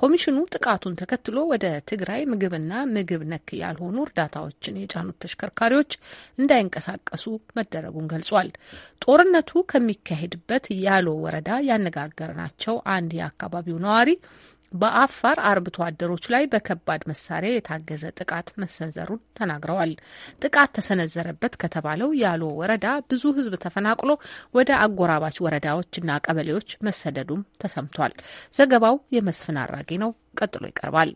ኮሚሽኑ ጥቃቱን ተከትሎ ወደ ትግራይ ምግብና ምግብ ነክ ያልሆኑ እርዳታዎችን የጫኑት ተሽከርካሪዎች እንዳይንቀሳቀሱ መደረጉን ገልጿል። ጦርነቱ ከሚካሄድበት ያሎ ወረዳ ያነጋገርናቸው አንድ የአካባቢው ነዋሪ በአፋር አርብቶ አደሮች ላይ በከባድ መሳሪያ የታገዘ ጥቃት መሰንዘሩን ተናግረዋል። ጥቃት ተሰነዘረበት ከተባለው ያሎ ወረዳ ብዙ ሕዝብ ተፈናቅሎ ወደ አጎራባች ወረዳዎችና ቀበሌዎች መሰደዱም ተሰምቷል። ዘገባው የመስፍን አራጌ ነው፣ ቀጥሎ ይቀርባል።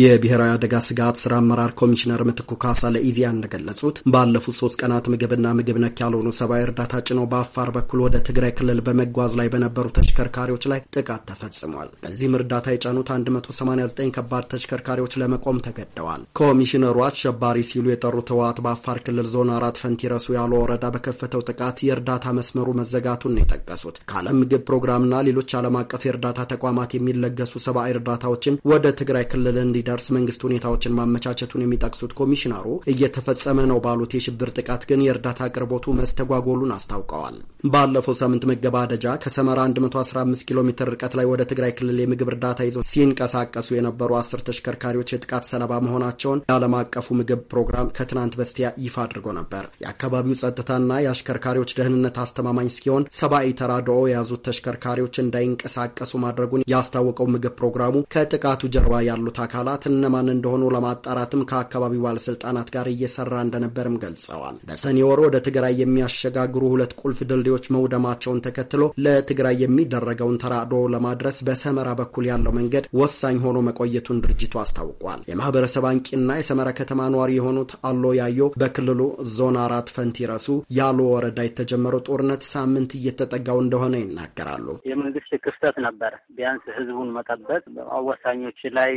የብሔራዊ አደጋ ስጋት ስራ አመራር ኮሚሽነር ምትኩ ካሳ ለኢዚያ እንደገለጹት ባለፉት ሶስት ቀናት ምግብና ምግብ ነክ ያልሆኑ ሰብአዊ እርዳታ ጭነው በአፋር በኩል ወደ ትግራይ ክልል በመጓዝ ላይ በነበሩ ተሽከርካሪዎች ላይ ጥቃት ተፈጽሟል። በዚህም እርዳታ የጫኑት 189 ከባድ ተሽከርካሪዎች ለመቆም ተገደዋል። ኮሚሽነሩ አሸባሪ ሲሉ የጠሩት ህወሓት በአፋር ክልል ዞን አራት ፈንቲረሱ ያለ ወረዳ በከፈተው ጥቃት የእርዳታ መስመሩ መዘጋቱን ነው የጠቀሱት። ከዓለም ምግብ ፕሮግራምና ሌሎች ዓለም አቀፍ የእርዳታ ተቋማት የሚለገሱ ሰብአዊ እርዳታዎችን ወደ ትግራይ ክልል እንዲ እንዲደርስ መንግስት ሁኔታዎችን ማመቻቸቱን የሚጠቅሱት ኮሚሽነሩ እየተፈጸመ ነው ባሉት የሽብር ጥቃት ግን የእርዳታ አቅርቦቱ መስተጓጎሉን አስታውቀዋል። ባለፈው ሳምንት መገባደጃ ከሰመራ 115 ኪሎ ሜትር ርቀት ላይ ወደ ትግራይ ክልል የምግብ እርዳታ ይዘው ሲንቀሳቀሱ የነበሩ አስር ተሽከርካሪዎች የጥቃት ሰለባ መሆናቸውን የዓለም አቀፉ ምግብ ፕሮግራም ከትናንት በስቲያ ይፋ አድርጎ ነበር። የአካባቢው ጸጥታና የአሽከርካሪዎች ደህንነት አስተማማኝ ሲሆን፣ ሰብአዊ ተራድኦ የያዙት ተሽከርካሪዎች እንዳይንቀሳቀሱ ማድረጉን ያስታወቀው ምግብ ፕሮግራሙ ከጥቃቱ ጀርባ ያሉት አካላት አባላት እነማን እንደሆኑ ለማጣራትም ከአካባቢው ባለስልጣናት ጋር እየሰራ እንደነበርም ገልጸዋል። በሰኔ ወር ወደ ትግራይ የሚያሸጋግሩ ሁለት ቁልፍ ድልድዮች መውደማቸውን ተከትሎ ለትግራይ የሚደረገውን ተራድኦ ለማድረስ በሰመራ በኩል ያለው መንገድ ወሳኝ ሆኖ መቆየቱን ድርጅቱ አስታውቋል። የማህበረሰብ አንቂና የሰመራ ከተማ ነዋሪ የሆኑት አሎ ያዮ በክልሉ ዞን አራት ፈንቲ ረሱ ያሉ ወረዳ የተጀመረው ጦርነት ሳምንት እየተጠጋው እንደሆነ ይናገራሉ። የመንግስት ክፍተት ነበር። ቢያንስ ህዝቡን መጠበቅ አወሳኞች ላይ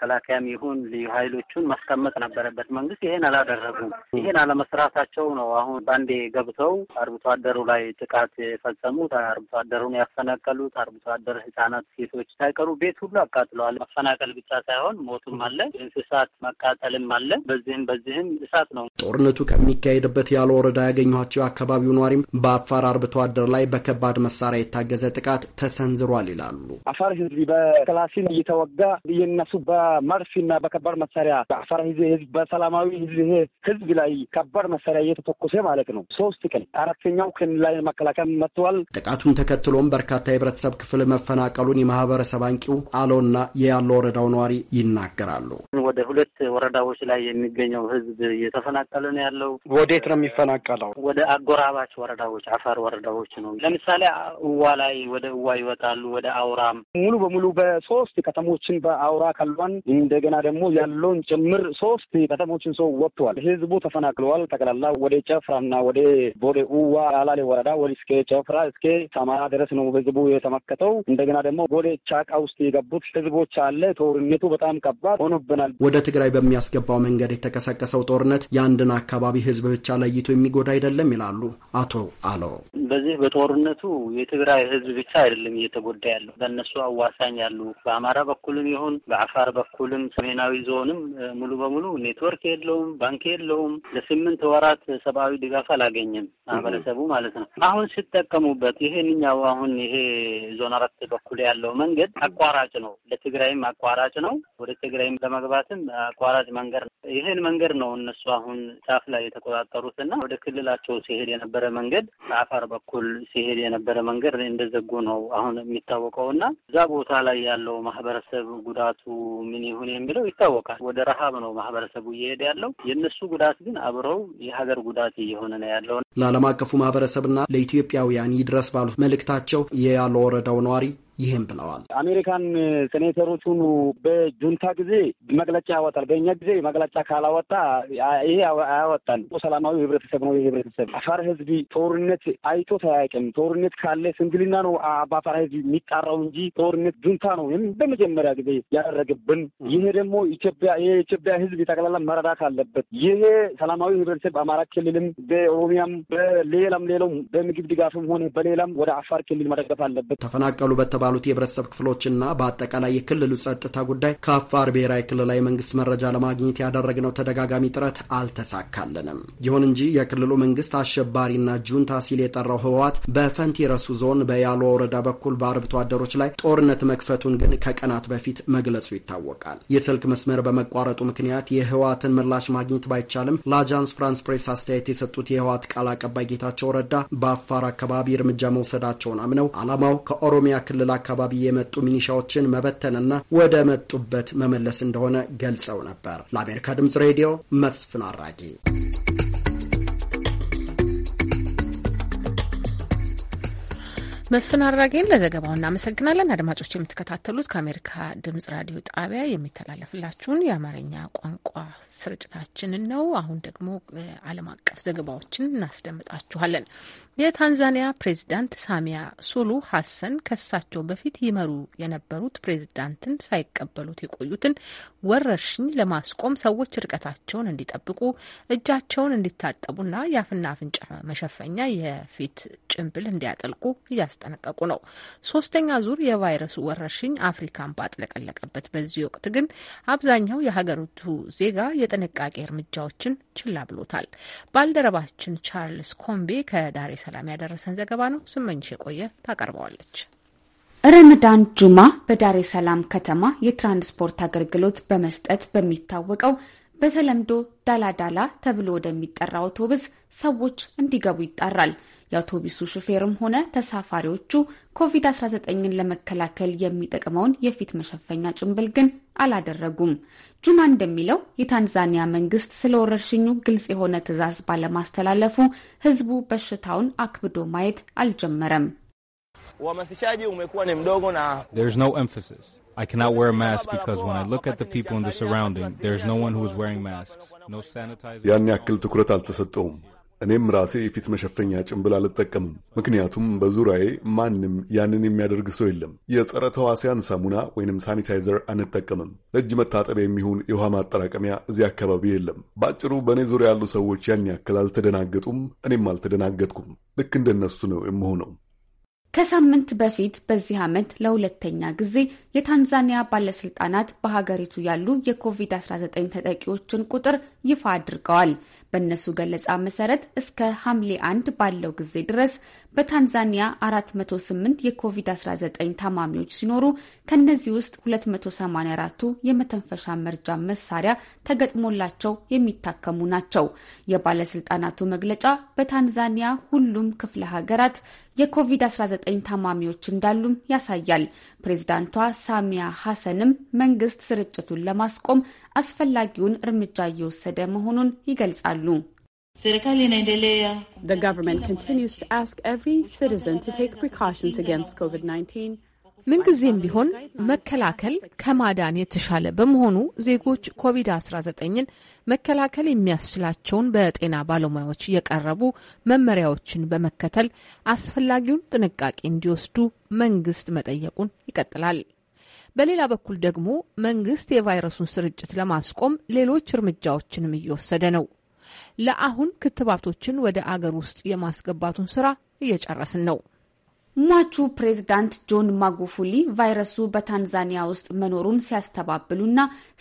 ለመከላከያም ይሁን ልዩ ኃይሎቹን ማስቀመጥ ነበረበት። መንግስት ይሄን አላደረጉም። ይሄን አለመስራታቸው ነው አሁን ባንዴ ገብተው አርብቶ አደሩ ላይ ጥቃት የፈጸሙት፣ አርብቶ አደሩን ያፈናቀሉት፣ አርብቶ አደር ህጻናት፣ ሴቶች ሳይቀሩ ቤት ሁሉ አቃጥለዋል። መፈናቀል ብቻ ሳይሆን ሞቱም አለ፣ እንስሳት መቃጠልም አለ። በዚህም በዚህም እሳት ነው። ጦርነቱ ከሚካሄድበት ያለ ወረዳ ያገኘኋቸው አካባቢው ነዋሪም በአፋር አርብቶ አደር ላይ በከባድ መሳሪያ የታገዘ ጥቃት ተሰንዝሯል ይላሉ። አፋር ህዝብ በክላሲን እየተወጋ እየነሱ በመርፊና በከባድ መሳሪያ በአፋራ ህዝብ በሰላማዊ ህዝብ ላይ ከባድ መሳሪያ እየተተኮሰ ማለት ነው። ሶስት ቀን አራተኛው ቀን ላይ መከላከል መጥተዋል። ጥቃቱን ተከትሎም በርካታ የህብረተሰብ ክፍል መፈናቀሉን የማህበረሰብ አንቂው አለውና የያለው ወረዳው ነዋሪ ይናገራሉ። ወደ ሁለት ወረዳዎች ላይ የሚገኘው ህዝብ እየተፈናቀለ ነው ያለው። ወዴት ነው የሚፈናቀለው? ወደ አጎራባች ወረዳዎች አፋር ወረዳዎች ነው። ለምሳሌ እዋ ላይ ወደ እዋ ይወጣሉ። ወደ አውራም ሙሉ በሙሉ በሶስት ከተሞችን በአውራ ከሏን አድዋን እንደገና ደግሞ ያለውን ጭምር ሶስት ከተሞችን ሰው ወጥተዋል። ህዝቡ ተፈናቅለዋል። ጠቅላላ ወደ ጨፍራና ወደ ቦዴ ኡዋ አላሌ ወረዳ ወደ እስከ ጨፍራ እስከ ሰማራ ድረስ ነው ህዝቡ የተመከተው። እንደገና ደግሞ ቦዴ ቻቃ ውስጥ የገቡት ህዝቦች አለ። ጦርነቱ በጣም ከባድ ሆኖብናል። ወደ ትግራይ በሚያስገባው መንገድ የተቀሰቀሰው ጦርነት የአንድን አካባቢ ህዝብ ብቻ ለይቶ የሚጎዳ አይደለም ይላሉ አቶ አለው። በዚህ በጦርነቱ የትግራይ ህዝብ ብቻ አይደለም እየተጎዳ ያለው በእነሱ አዋሳኝ ያሉ በአማራ በኩልም ይሁን በአፋር በኩልም ሰሜናዊ ዞንም ሙሉ በሙሉ ኔትወርክ የለውም፣ ባንክ የለውም። ለስምንት ወራት ሰብአዊ ድጋፍ አላገኝም ማህበረሰቡ ማለት ነው። አሁን ሲጠቀሙበት ይሄንኛው አሁን ይሄ ዞን አራት በኩል ያለው መንገድ አቋራጭ ነው፣ ለትግራይም አቋራጭ ነው፣ ወደ ትግራይም ለመግባትም አቋራጭ መንገድ ነው። ይሄን መንገድ ነው እነሱ አሁን ጫፍ ላይ የተቆጣጠሩት እና ወደ ክልላቸው ሲሄድ የነበረ መንገድ አፋር በኩል ሲሄድ የነበረ መንገድ እንደዘጉ ነው አሁን የሚታወቀው እና እዛ ቦታ ላይ ያለው ማህበረሰብ ጉዳቱ ምን ይሁን የሚለው ይታወቃል። ወደ ረሃብ ነው ማህበረሰቡ እየሄደ ያለው። የእነሱ ጉዳት ግን አብረው የሀገር ጉዳት እየሆነ ነው ያለው። ለዓለም አቀፉ ማህበረሰብና ለኢትዮጵያውያን ይድረስ ባሉት መልእክታቸው የያለ ወረዳው ነዋሪ ይህም ብለዋል። አሜሪካን ሴኔተሮች ሁሉ በጁንታ ጊዜ መግለጫ ያወጣል። በእኛ ጊዜ መግለጫ ካላወጣ ይሄ አያወጣን። ሰላማዊ ህብረተሰብ ነው። ይህ ህብረተሰብ አፋር ህዝብ ጦርነት አይቶ ተያያቅም። ጦርነት ካለ ስንግልና ነው በአፋር ህዝብ የሚጣራው እንጂ ጦርነት ጁንታ ነው በመጀመሪያ ጊዜ ያደረግብን። ይሄ ደግሞ ኢትዮጵያ የኢትዮጵያ ህዝብ የጠቅላላ መረዳት አለበት። ይሄ ሰላማዊ ህብረተሰብ በአማራ ክልልም በኦሮሚያም በሌላም ሌላው በምግብ ድጋፍም ሆነ በሌላም ወደ አፋር ክልል መደገፍ አለበት። ተፈናቀሉ በተባ ባሉት የህብረተሰብ ክፍሎችና በአጠቃላይ የክልሉ ጸጥታ ጉዳይ ከአፋር ብሔራዊ ክልላዊ መንግስት መረጃ ለማግኘት ያደረግነው ተደጋጋሚ ጥረት አልተሳካልንም። ይሁን እንጂ የክልሉ መንግስት አሸባሪና ጁንታ ሲል የጠራው ህወሓት በፈንቲ ረሱ ዞን በያሉ ወረዳ በኩል በአርብቶ አደሮች ላይ ጦርነት መክፈቱን ግን ከቀናት በፊት መግለጹ ይታወቃል። የስልክ መስመር በመቋረጡ ምክንያት የህወሓትን ምላሽ ማግኘት ባይቻልም ለአጃንስ ፍራንስ ፕሬስ አስተያየት የሰጡት የህወሓት ቃል አቀባይ ጌታቸው ረዳ በአፋር አካባቢ እርምጃ መውሰዳቸውን አምነው ዓላማው ከኦሮሚያ ክልል ክፍል አካባቢ የመጡ ሚኒሻዎችን መበተንና ወደ መጡበት መመለስ እንደሆነ ገልጸው ነበር። ለአሜሪካ ድምጽ ሬዲዮ መስፍን አራጌ መስፍን አራጌን ለዘገባው እናመሰግናለን። አድማጮች የምትከታተሉት ከአሜሪካ ድምጽ ራዲዮ ጣቢያ የሚተላለፍላችሁን የአማርኛ ቋንቋ ስርጭታችንን ነው። አሁን ደግሞ ዓለም አቀፍ ዘገባዎችን እናስደምጣችኋለን። የታንዛኒያ ፕሬዚዳንት ሳሚያ ሱሉ ሀሰን ከሳቸው በፊት ይመሩ የነበሩት ፕሬዚዳንትን ሳይቀበሉት የቆዩትን ወረርሽኝ ለማስቆም ሰዎች ርቀታቸውን እንዲጠብቁ እጃቸውን እንዲታጠቡና የአፍና አፍንጫ መሸፈኛ የፊት ጭንብል እንዲያጠልቁ እያስ እያስጠነቀቁ ነው። ሶስተኛ ዙር የቫይረሱ ወረርሽኝ አፍሪካን ባጥለቀለቀበት በዚህ ወቅት ግን አብዛኛው የሀገሪቱ ዜጋ የጥንቃቄ እርምጃዎችን ችላ ብሎታል። ባልደረባችን ቻርልስ ኮምቤ ከዳሬ ሰላም ያደረሰን ዘገባ ነው። ስመኝሽ የቆየ ታቀርበዋለች። ረምዳን ጁማ በዳሬ ሰላም ከተማ የትራንስፖርት አገልግሎት በመስጠት በሚታወቀው በተለምዶ ዳላዳላ ተብሎ ወደሚጠራ አውቶብስ ሰዎች እንዲገቡ ይጣራል። የአውቶቡሱ ሹፌርም ሆነ ተሳፋሪዎቹ ኮቪድ-19ን ለመከላከል የሚጠቅመውን የፊት መሸፈኛ ጭንብል ግን አላደረጉም። ጁማ እንደሚለው የታንዛኒያ መንግስት ስለ ወረርሽኙ ግልጽ የሆነ ትዕዛዝ ባለማስተላለፉ ህዝቡ በሽታውን አክብዶ ማየት አልጀመረም። ያን ያክል ትኩረት አልተሰጠውም። እኔም ራሴ የፊት መሸፈኛ ጭንብል አልጠቀምም፣ ምክንያቱም በዙሪያዬ ማንም ያንን የሚያደርግ ሰው የለም። የጸረ ተዋሲያን ሳሙና ወይንም ሳኒታይዘር አንጠቀምም። ለእጅ መታጠቢያ የሚሆን የውሃ ማጠራቀሚያ እዚህ አካባቢ የለም። በአጭሩ በእኔ ዙሪያ ያሉ ሰዎች ያን ያክል አልተደናገጡም፣ እኔም አልተደናገጥኩም። ልክ እንደነሱ ነው የምሆነው። ከሳምንት በፊት በዚህ ዓመት ለሁለተኛ ጊዜ የታንዛኒያ ባለስልጣናት በሀገሪቱ ያሉ የኮቪድ-19 ተጠቂዎችን ቁጥር ይፋ አድርገዋል። በእነሱ ገለጻ መሰረት እስከ ሐምሌ አንድ ባለው ጊዜ ድረስ በታንዛኒያ 408 የኮቪድ-19 ታማሚዎች ሲኖሩ ከእነዚህ ውስጥ 284ቱ የመተንፈሻ መርጃ መሳሪያ ተገጥሞላቸው የሚታከሙ ናቸው። የባለስልጣናቱ መግለጫ በታንዛኒያ ሁሉም ክፍለ ሀገራት የኮቪድ-19 ታማሚዎች እንዳሉም ያሳያል። ፕሬዝዳንቷ ሳሚያ ሐሰንም መንግስት ስርጭቱን ለማስቆም አስፈላጊውን እርምጃ እየወሰደ መሆኑን ይገልጻሉ። The government continues to ask every citizen to take precautions against COVID-19. ምንጊዜም ቢሆን መከላከል ከማዳን የተሻለ በመሆኑ ዜጎች ኮቪድ-19ን መከላከል የሚያስችላቸውን በጤና ባለሙያዎች የቀረቡ መመሪያዎችን በመከተል አስፈላጊውን ጥንቃቄ እንዲወስዱ መንግስት መጠየቁን ይቀጥላል። በሌላ በኩል ደግሞ መንግስት የቫይረሱን ስርጭት ለማስቆም ሌሎች እርምጃዎችንም እየወሰደ ነው። ለአሁን ክትባቶችን ወደ አገር ውስጥ የማስገባቱን ስራ እየጨረስን ነው። ሟቹ ፕሬዝዳንት ጆን ማጉፉሊ ቫይረሱ በታንዛኒያ ውስጥ መኖሩን ሲያስተባብሉና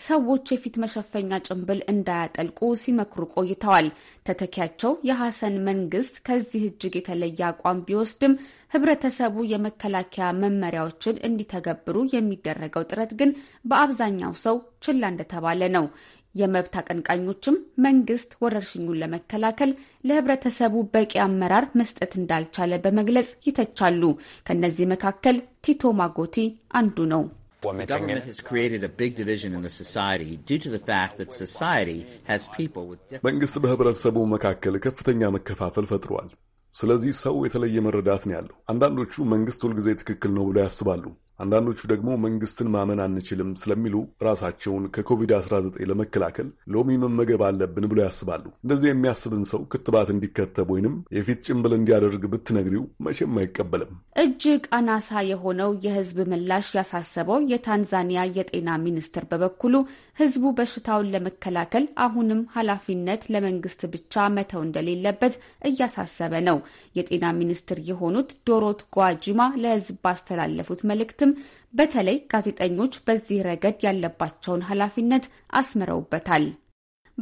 ሰዎች የፊት መሸፈኛ ጭንብል እንዳያጠልቁ ሲመክሩ ቆይተዋል። ተተኪያቸው የሐሰን መንግስት ከዚህ እጅግ የተለየ አቋም ቢወስድም ህብረተሰቡ የመከላከያ መመሪያዎችን እንዲተገብሩ የሚደረገው ጥረት ግን በአብዛኛው ሰው ችላ እንደተባለ ነው። የመብት አቀንቃኞችም መንግስት ወረርሽኙን ለመከላከል ለህብረተሰቡ በቂ አመራር መስጠት እንዳልቻለ በመግለጽ ይተቻሉ። ከእነዚህ መካከል ቲቶ ማጎቲ አንዱ ነው። መንግስት በህብረተሰቡ መካከል ከፍተኛ መከፋፈል ፈጥሯል። ስለዚህ ሰው የተለየ መረዳት ነው ያለው። አንዳንዶቹ መንግስት ሁልጊዜ ትክክል ነው ብለው ያስባሉ። አንዳንዶቹ ደግሞ መንግስትን ማመን አንችልም ስለሚሉ ራሳቸውን ከኮቪድ-19 ለመከላከል ሎሚ መመገብ አለብን ብሎ ያስባሉ። እንደዚህ የሚያስብን ሰው ክትባት እንዲከተብ ወይንም የፊት ጭንብል እንዲያደርግ ብትነግሪው መቼም አይቀበልም። እጅግ አናሳ የሆነው የህዝብ ምላሽ ያሳሰበው የታንዛኒያ የጤና ሚኒስትር በበኩሉ ህዝቡ በሽታውን ለመከላከል አሁንም ኃላፊነት ለመንግስት ብቻ መተው እንደሌለበት እያሳሰበ ነው። የጤና ሚኒስትር የሆኑት ዶሮት ጓጂማ ለህዝብ ባስተላለፉት መልእክትም ቢሆንም በተለይ ጋዜጠኞች በዚህ ረገድ ያለባቸውን ኃላፊነት አስምረውበታል።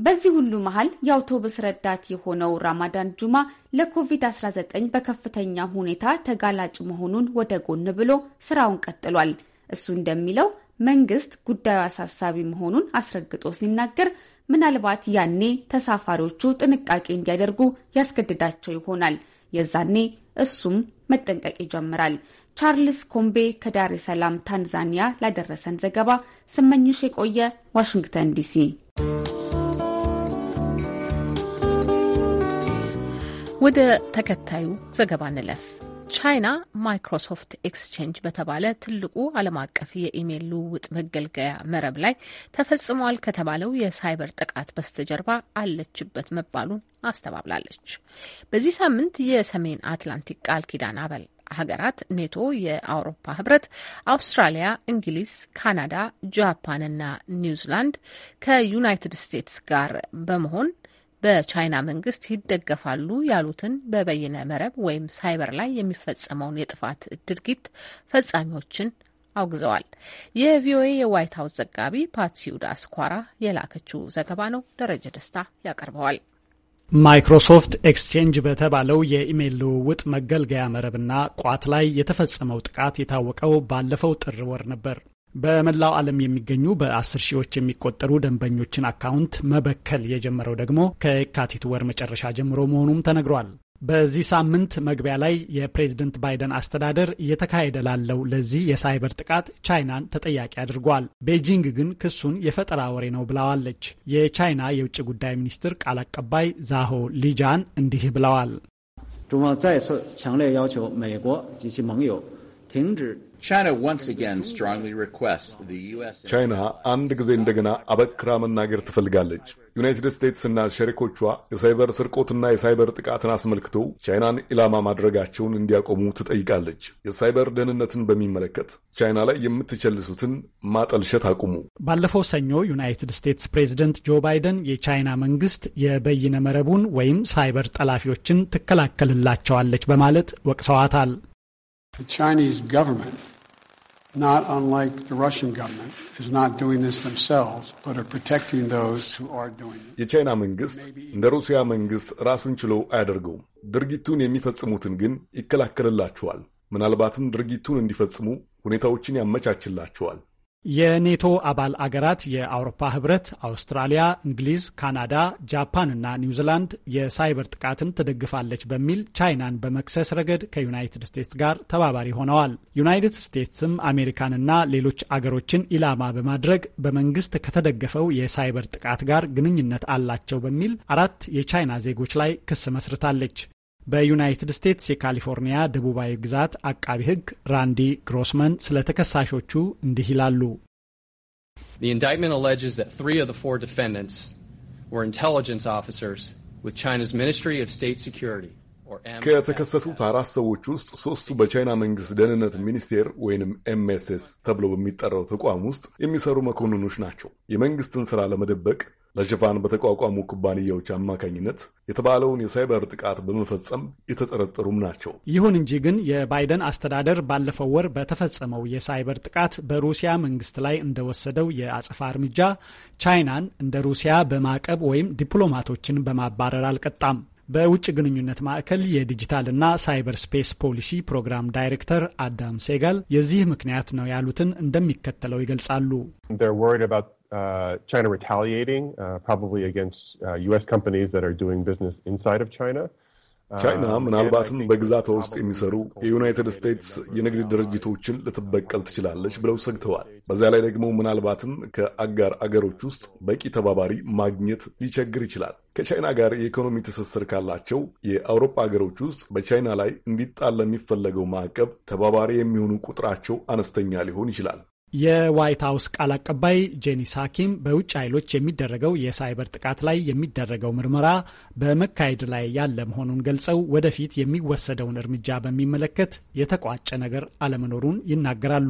በዚህ ሁሉ መሃል የአውቶቡስ ረዳት የሆነው ራማዳን ጁማ ለኮቪድ-19 በከፍተኛ ሁኔታ ተጋላጭ መሆኑን ወደ ጎን ብሎ ስራውን ቀጥሏል። እሱ እንደሚለው መንግስት ጉዳዩ አሳሳቢ መሆኑን አስረግጦ ሲናገር ምናልባት ያኔ ተሳፋሪዎቹ ጥንቃቄ እንዲያደርጉ ያስገድዳቸው ይሆናል። የዛኔ እሱም መጠንቀቅ ይጀምራል። ቻርልስ ኮምቤ ከዳሬ ሰላም ታንዛኒያ ላደረሰን ዘገባ ስመኝሽ የቆየ ዋሽንግተን ዲሲ። ወደ ተከታዩ ዘገባ እንለፍ። ቻይና ማይክሮሶፍት ኤክስቼንጅ በተባለ ትልቁ ዓለም አቀፍ የኢሜይል ልውውጥ መገልገያ መረብ ላይ ተፈጽሟል ከተባለው የሳይበር ጥቃት በስተጀርባ አለችበት መባሉን አስተባብላለች። በዚህ ሳምንት የሰሜን አትላንቲክ ቃል ኪዳን አበል ሀገራት ኔቶ፣ የአውሮፓ ህብረት፣ አውስትራሊያ፣ እንግሊዝ፣ ካናዳ፣ ጃፓንና ኒውዚላንድ ከዩናይትድ ስቴትስ ጋር በመሆን በቻይና መንግስት ይደገፋሉ ያሉትን በበይነ መረብ ወይም ሳይበር ላይ የሚፈጸመውን የጥፋት ድርጊት ፈጻሚዎችን አውግዘዋል። የቪኦኤ የዋይት ሀውስ ዘጋቢ ፓትሲዩዳ አስኳራ የላከችው ዘገባ ነው። ደረጀ ደስታ ያቀርበዋል። ማይክሮሶፍት ኤክስቼንጅ በተባለው የኢሜይል ልውውጥ መገልገያ መረብና ቋት ላይ የተፈጸመው ጥቃት የታወቀው ባለፈው ጥር ወር ነበር። በመላው ዓለም የሚገኙ በአስር ሺዎች የሚቆጠሩ ደንበኞችን አካውንት መበከል የጀመረው ደግሞ ከየካቲት ወር መጨረሻ ጀምሮ መሆኑም ተነግሯል። በዚህ ሳምንት መግቢያ ላይ የፕሬዝደንት ባይደን አስተዳደር እየተካሄደ ላለው ለዚህ የሳይበር ጥቃት ቻይናን ተጠያቂ አድርጓል። ቤጂንግ ግን ክሱን የፈጠራ ወሬ ነው ብለዋለች። የቻይና የውጭ ጉዳይ ሚኒስትር ቃል አቀባይ ዛሆ ሊጃን እንዲህ ብለዋል። ቻይና አንድ ጊዜ እንደገና አበክራ መናገር ትፈልጋለች። ዩናይትድ ስቴትስና ሸሪኮቿ የሳይበር ስርቆትና የሳይበር ጥቃትን አስመልክቶ ቻይናን ኢላማ ማድረጋቸውን እንዲያቆሙ ትጠይቃለች። የሳይበር ደህንነትን በሚመለከት ቻይና ላይ የምትቸልሱትን ማጠልሸት አቁሙ። ባለፈው ሰኞ ዩናይትድ ስቴትስ ፕሬዚደንት ጆ ባይደን የቻይና መንግስት የበይነ መረቡን ወይም ሳይበር ጠላፊዎችን ትከላከልላቸዋለች በማለት ወቅሰዋታል። The Chinese government, not unlike the Russian government, is not doing this themselves, but are protecting those who are doing it. የቻይና መንግስት እንደ ሩሲያ መንግስት ራሱን ችሎ አያደርገውም። ድርጊቱን የሚፈጽሙትን ግን ይከላከልላቸዋል። ምናልባትም ድርጊቱን እንዲፈጽሙ ሁኔታዎችን ያመቻችላቸዋል። የኔቶ አባል አገራት የአውሮፓ ህብረት፣ አውስትራሊያ፣ እንግሊዝ፣ ካናዳ፣ ጃፓን እና ኒውዚላንድ የሳይበር ጥቃትን ትደግፋለች በሚል ቻይናን በመክሰስ ረገድ ከዩናይትድ ስቴትስ ጋር ተባባሪ ሆነዋል። ዩናይትድ ስቴትስም አሜሪካንና ሌሎች አገሮችን ኢላማ በማድረግ በመንግስት ከተደገፈው የሳይበር ጥቃት ጋር ግንኙነት አላቸው በሚል አራት የቻይና ዜጎች ላይ ክስ መስርታለች። በዩናይትድ ስቴትስ የካሊፎርኒያ ደቡባዊ ግዛት አቃቢ ሕግ ራንዲ ግሮስመን ስለ ተከሳሾቹ እንዲህ ይላሉ። The indictment alleges that three of the four defendants were intelligence officers with China's Ministry of State Security. አራት ሰዎች ውስጥ ሶስቱ በቻይና መንግስት ደህንነት ሚኒስቴር ወይንም ኤምኤስኤስ ተብሎ በሚጠራው ተቋም ውስጥ የሚሰሩ መኮንኖች ናቸው። የመንግስትን ስራ ለመደበቅ ለሽፋን በተቋቋሙ ኩባንያዎች አማካኝነት የተባለውን የሳይበር ጥቃት በመፈጸም የተጠረጠሩም ናቸው። ይሁን እንጂ ግን የባይደን አስተዳደር ባለፈው ወር በተፈጸመው የሳይበር ጥቃት በሩሲያ መንግስት ላይ እንደወሰደው የአጸፋ እርምጃ ቻይናን እንደ ሩሲያ በማዕቀብ ወይም ዲፕሎማቶችን በማባረር አልቀጣም። በውጭ ግንኙነት ማዕከል የዲጂታልና ሳይበር ስፔስ ፖሊሲ ፕሮግራም ዳይሬክተር አዳም ሴጋል የዚህ ምክንያት ነው ያሉትን እንደሚከተለው ይገልጻሉ። Uh, China retaliating, uh, probably against U.S. Uh, companies that are doing business inside of China. ቻይና uh, ምናልባትም በግዛቷ ውስጥ የሚሰሩ የዩናይትድ ስቴትስ የንግድ ድርጅቶችን ልትበቀል ትችላለች ብለው ሰግተዋል። በዚያ ላይ ደግሞ ምናልባትም ከአጋር አገሮች ውስጥ በቂ ተባባሪ ማግኘት ሊቸግር ይችላል። ከቻይና ጋር የኢኮኖሚ ትስስር ካላቸው የአውሮፓ አገሮች ውስጥ በቻይና ላይ እንዲጣል ለሚፈለገው ማዕቀብ ተባባሪ የሚሆኑ ቁጥራቸው አነስተኛ ሊሆን ይችላል። የዋይት ሀውስ ቃል አቀባይ ጄኒ ሳኪም በውጭ ኃይሎች የሚደረገው የሳይበር ጥቃት ላይ የሚደረገው ምርመራ በመካሄድ ላይ ያለ መሆኑን ገልጸው ወደፊት የሚወሰደውን እርምጃ በሚመለከት የተቋጨ ነገር አለመኖሩን ይናገራሉ።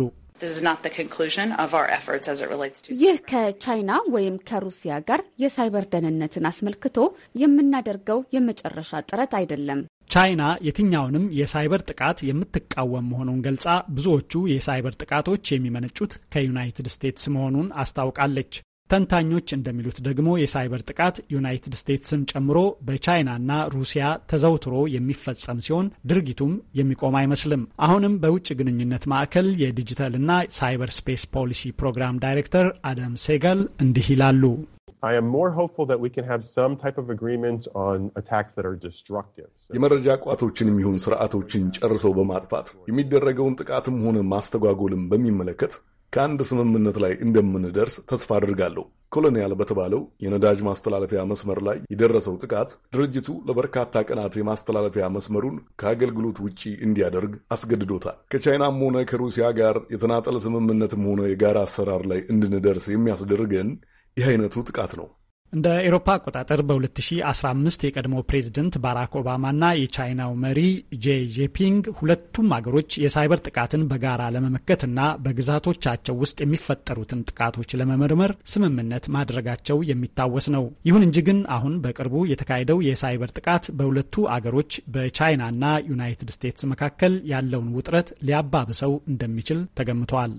ይህ ከቻይና ወይም ከሩሲያ ጋር የሳይበር ደህንነትን አስመልክቶ የምናደርገው የመጨረሻ ጥረት አይደለም። ቻይና የትኛውንም የሳይበር ጥቃት የምትቃወም መሆኑን ገልጻ ብዙዎቹ የሳይበር ጥቃቶች የሚመነጩት ከዩናይትድ ስቴትስ መሆኑን አስታውቃለች። ተንታኞች እንደሚሉት ደግሞ የሳይበር ጥቃት ዩናይትድ ስቴትስን ጨምሮ በቻይናና ሩሲያ ተዘውትሮ የሚፈጸም ሲሆን ድርጊቱም የሚቆም አይመስልም። አሁንም በውጭ ግንኙነት ማዕከል የዲጂታልና ሳይበር ስፔስ ፖሊሲ ፕሮግራም ዳይሬክተር አዳም ሴገል እንዲህ ይላሉ። የመረጃ ቋቶችንም ይሁን ስርዓቶችን ጨርሰው በማጥፋት የሚደረገውን ጥቃትም ሆነ ማስተጓጎልም በሚመለከት ከአንድ ስምምነት ላይ እንደምንደርስ ተስፋ አድርጋለሁ። ኮሎኒያል በተባለው የነዳጅ ማስተላለፊያ መስመር ላይ የደረሰው ጥቃት ድርጅቱ ለበርካታ ቀናት የማስተላለፊያ መስመሩን ከአገልግሎት ውጪ እንዲያደርግ አስገድዶታል። ከቻይናም ሆነ ከሩሲያ ጋር የተናጠለ ስምምነትም ሆነ የጋራ አሰራር ላይ እንድንደርስ የሚያስደርገን ይህ አይነቱ ጥቃት ነው። እንደ ኤሮፓ አቆጣጠር በ2015 የቀድሞ ፕሬዝደንት ባራክ ኦባማና የቻይናው መሪ ጄ ጄፒንግ ሁለቱም አገሮች የሳይበር ጥቃትን በጋራ ለመመከትና በግዛቶቻቸው ውስጥ የሚፈጠሩትን ጥቃቶች ለመመርመር ስምምነት ማድረጋቸው የሚታወስ ነው። ይሁን እንጂ ግን አሁን በቅርቡ የተካሄደው የሳይበር ጥቃት በሁለቱ አገሮች በቻይናና ዩናይትድ ስቴትስ መካከል ያለውን ውጥረት ሊያባብሰው እንደሚችል ተገምቷል።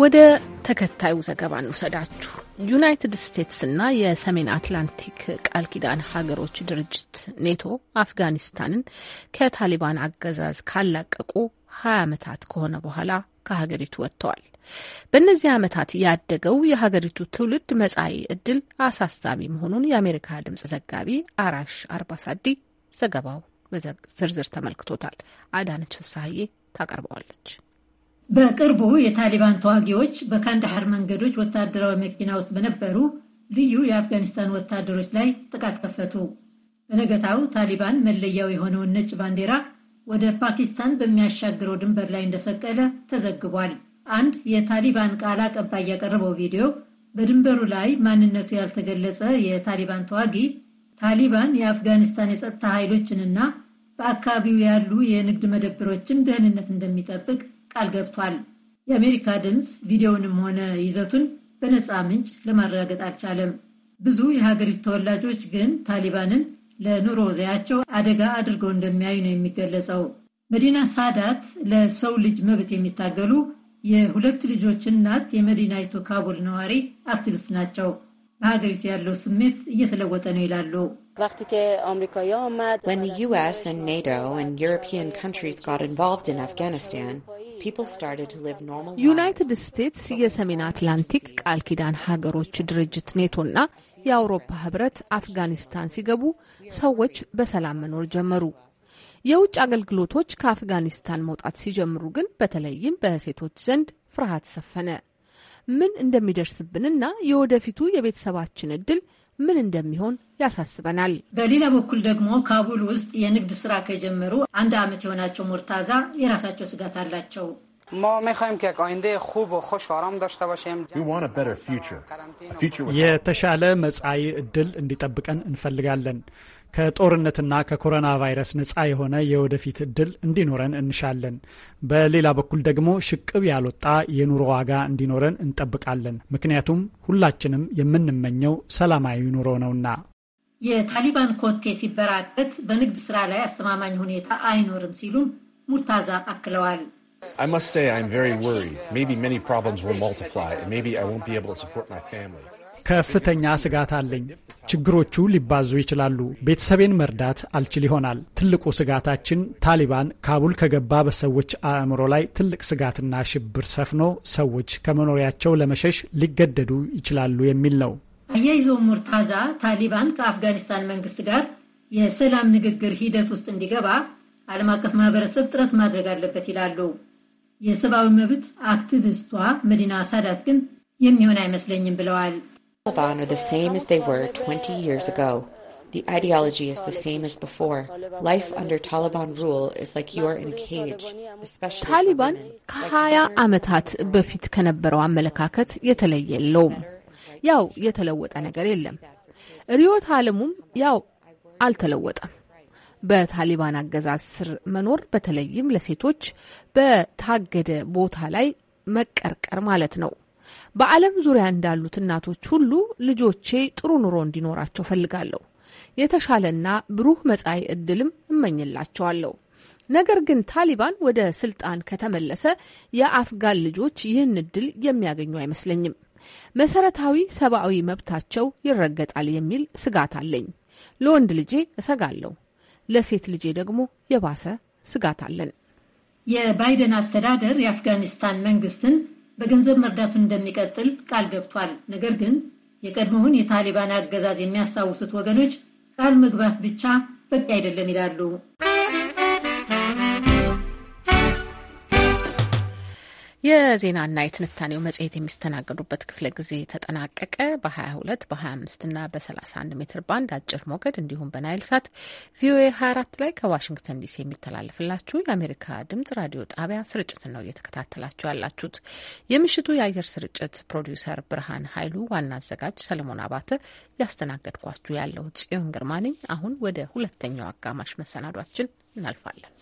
ወደ ተከታዩ ዘገባ እንውሰዳችሁ። ዩናይትድ ስቴትስ እና የሰሜን አትላንቲክ ቃል ኪዳን ሀገሮች ድርጅት ኔቶ አፍጋኒስታንን ከታሊባን አገዛዝ ካላቀቁ ሀያ ዓመታት ከሆነ በኋላ ከሀገሪቱ ወጥተዋል። በእነዚህ ዓመታት ያደገው የሀገሪቱ ትውልድ መጻኢ ዕድል አሳሳቢ መሆኑን የአሜሪካ ድምጽ ዘጋቢ አራሽ አርባሳዲ ዘገባው በዝርዝር ተመልክቶታል። አዳነች ፍሳሀዬ ታቀርበዋለች። በቅርቡ የታሊባን ተዋጊዎች በካንዳሃር መንገዶች ወታደራዊ መኪና ውስጥ በነበሩ ልዩ የአፍጋኒስታን ወታደሮች ላይ ጥቃት ከፈቱ። በነገታው ታሊባን መለያው የሆነውን ነጭ ባንዲራ ወደ ፓኪስታን በሚያሻግረው ድንበር ላይ እንደሰቀለ ተዘግቧል። አንድ የታሊባን ቃል አቀባይ ያቀረበው ቪዲዮ በድንበሩ ላይ ማንነቱ ያልተገለጸ የታሊባን ተዋጊ ታሊባን የአፍጋኒስታን የጸጥታ ኃይሎችንና በአካባቢው ያሉ የንግድ መደብሮችን ደህንነት እንደሚጠብቅ ቃል ገብቷል። የአሜሪካ ድምፅ ቪዲዮውንም ሆነ ይዘቱን በነፃ ምንጭ ለማረጋገጥ አልቻለም። ብዙ የሀገሪቱ ተወላጆች ግን ታሊባንን ለኑሮ ዘያቸው አደጋ አድርገው እንደሚያዩ ነው የሚገለጸው። መዲና ሳዳት ለሰው ልጅ መብት የሚታገሉ የሁለት ልጆች እናት የመዲናይቱ ካቡል ነዋሪ አክቲቪስት ናቸው። በሀገሪቱ ያለው ስሜት እየተለወጠ ነው ይላሉ። When the US and NATO and European countries got involved in Afghanistan, ዩናይትድ ስቴትስ የሰሜን አትላንቲክ ቃል ኪዳን ሀገሮች ድርጅት ኔቶና የአውሮፓ ህብረት አፍጋኒስታን ሲገቡ ሰዎች በሰላም መኖር ጀመሩ። የውጭ አገልግሎቶች ከአፍጋኒስታን መውጣት ሲጀምሩ ግን በተለይም በሴቶች ዘንድ ፍርሃት ሰፈነ። ምን እንደሚደርስብንና የወደፊቱ የቤተሰባችን እድል ምን እንደሚሆን ያሳስበናል። በሌላ በኩል ደግሞ ካቡል ውስጥ የንግድ ስራ ከጀመሩ አንድ ዓመት የሆናቸው ሞርታዛ የራሳቸው ስጋት አላቸው። የተሻለ መጻኢ ዕድል እንዲጠብቀን እንፈልጋለን። ከጦርነትና ከኮሮና ቫይረስ ነፃ የሆነ የወደፊት እድል እንዲኖረን እንሻለን። በሌላ በኩል ደግሞ ሽቅብ ያልወጣ የኑሮ ዋጋ እንዲኖረን እንጠብቃለን። ምክንያቱም ሁላችንም የምንመኘው ሰላማዊ ኑሮ ነውና። የታሊባን ኮቴ ሲበራከት በንግድ ስራ ላይ አስተማማኝ ሁኔታ አይኖርም ሲሉም ሙርታዛ አክለዋል። I must say I'm very worried. Maybe many problems will multiply and maybe I won't be able to support my family. ከፍተኛ ስጋት አለኝ። ችግሮቹ ሊባዙ ይችላሉ። ቤተሰቤን መርዳት አልችል ይሆናል። ትልቁ ስጋታችን ታሊባን ካቡል ከገባ በሰዎች አእምሮ ላይ ትልቅ ስጋትና ሽብር ሰፍኖ ሰዎች ከመኖሪያቸው ለመሸሽ ሊገደዱ ይችላሉ የሚል ነው። አያይዘው ሙርታዛ ታሊባን ከአፍጋኒስታን መንግስት ጋር የሰላም ንግግር ሂደት ውስጥ እንዲገባ ዓለም አቀፍ ማህበረሰብ ጥረት ማድረግ አለበት ይላሉ። የሰብአዊ መብት አክቲቪስቷ መዲና ሳዳት ግን የሚሆን አይመስለኝም ብለዋል። Taliban are the same as they were 20 years ago. The ideology is the same as before. Life under Taliban rule is like you are in a cage, especially ታሊባን ከሀያ ዓመታት በፊት ከነበረው አመለካከት የተለየ የለውም። ያው የተለወጠ ነገር የለም። ርዕዮተ ዓለሙም ያው አልተለወጠም። በታሊባን አገዛዝ ስር መኖር በተለይም ለሴቶች በታገደ ቦታ ላይ መቀርቀር ማለት ነው። በዓለም ዙሪያ እንዳሉት እናቶች ሁሉ ልጆቼ ጥሩ ኑሮ እንዲኖራቸው ፈልጋለሁ። የተሻለና ብሩህ መጻኢ ዕድልም እመኝላቸዋለሁ። ነገር ግን ታሊባን ወደ ስልጣን ከተመለሰ የአፍጋን ልጆች ይህን እድል የሚያገኙ አይመስለኝም። መሰረታዊ ሰብአዊ መብታቸው ይረገጣል የሚል ስጋት አለኝ። ለወንድ ልጄ እሰጋለሁ፣ ለሴት ልጄ ደግሞ የባሰ ስጋት አለን። የባይደን አስተዳደር የአፍጋኒስታን መንግስትን በገንዘብ መርዳቱን እንደሚቀጥል ቃል ገብቷል። ነገር ግን የቀድሞውን የታሊባን አገዛዝ የሚያስታውሱት ወገኖች ቃል መግባት ብቻ በቂ አይደለም ይላሉ። የዜናና የትንታኔው መጽሔት የሚስተናገዱበት ክፍለ ጊዜ ተጠናቀቀ። በ22 በ25 እና በ31 ሜትር ባንድ አጭር ሞገድ እንዲሁም በናይል ሳት ቪኦኤ 24 ላይ ከዋሽንግተን ዲሲ የሚተላለፍላችሁ የአሜሪካ ድምጽ ራዲዮ ጣቢያ ስርጭት ነው እየተከታተላችሁ ያላችሁት። የምሽቱ የአየር ስርጭት ፕሮዲውሰር ብርሃን ኃይሉ፣ ዋና አዘጋጅ ሰለሞን አባተ፣ ያስተናገድኳችሁ ያለው ጽዮን ግርማ ነኝ። አሁን ወደ ሁለተኛው አጋማሽ መሰናዷችን እናልፋለን።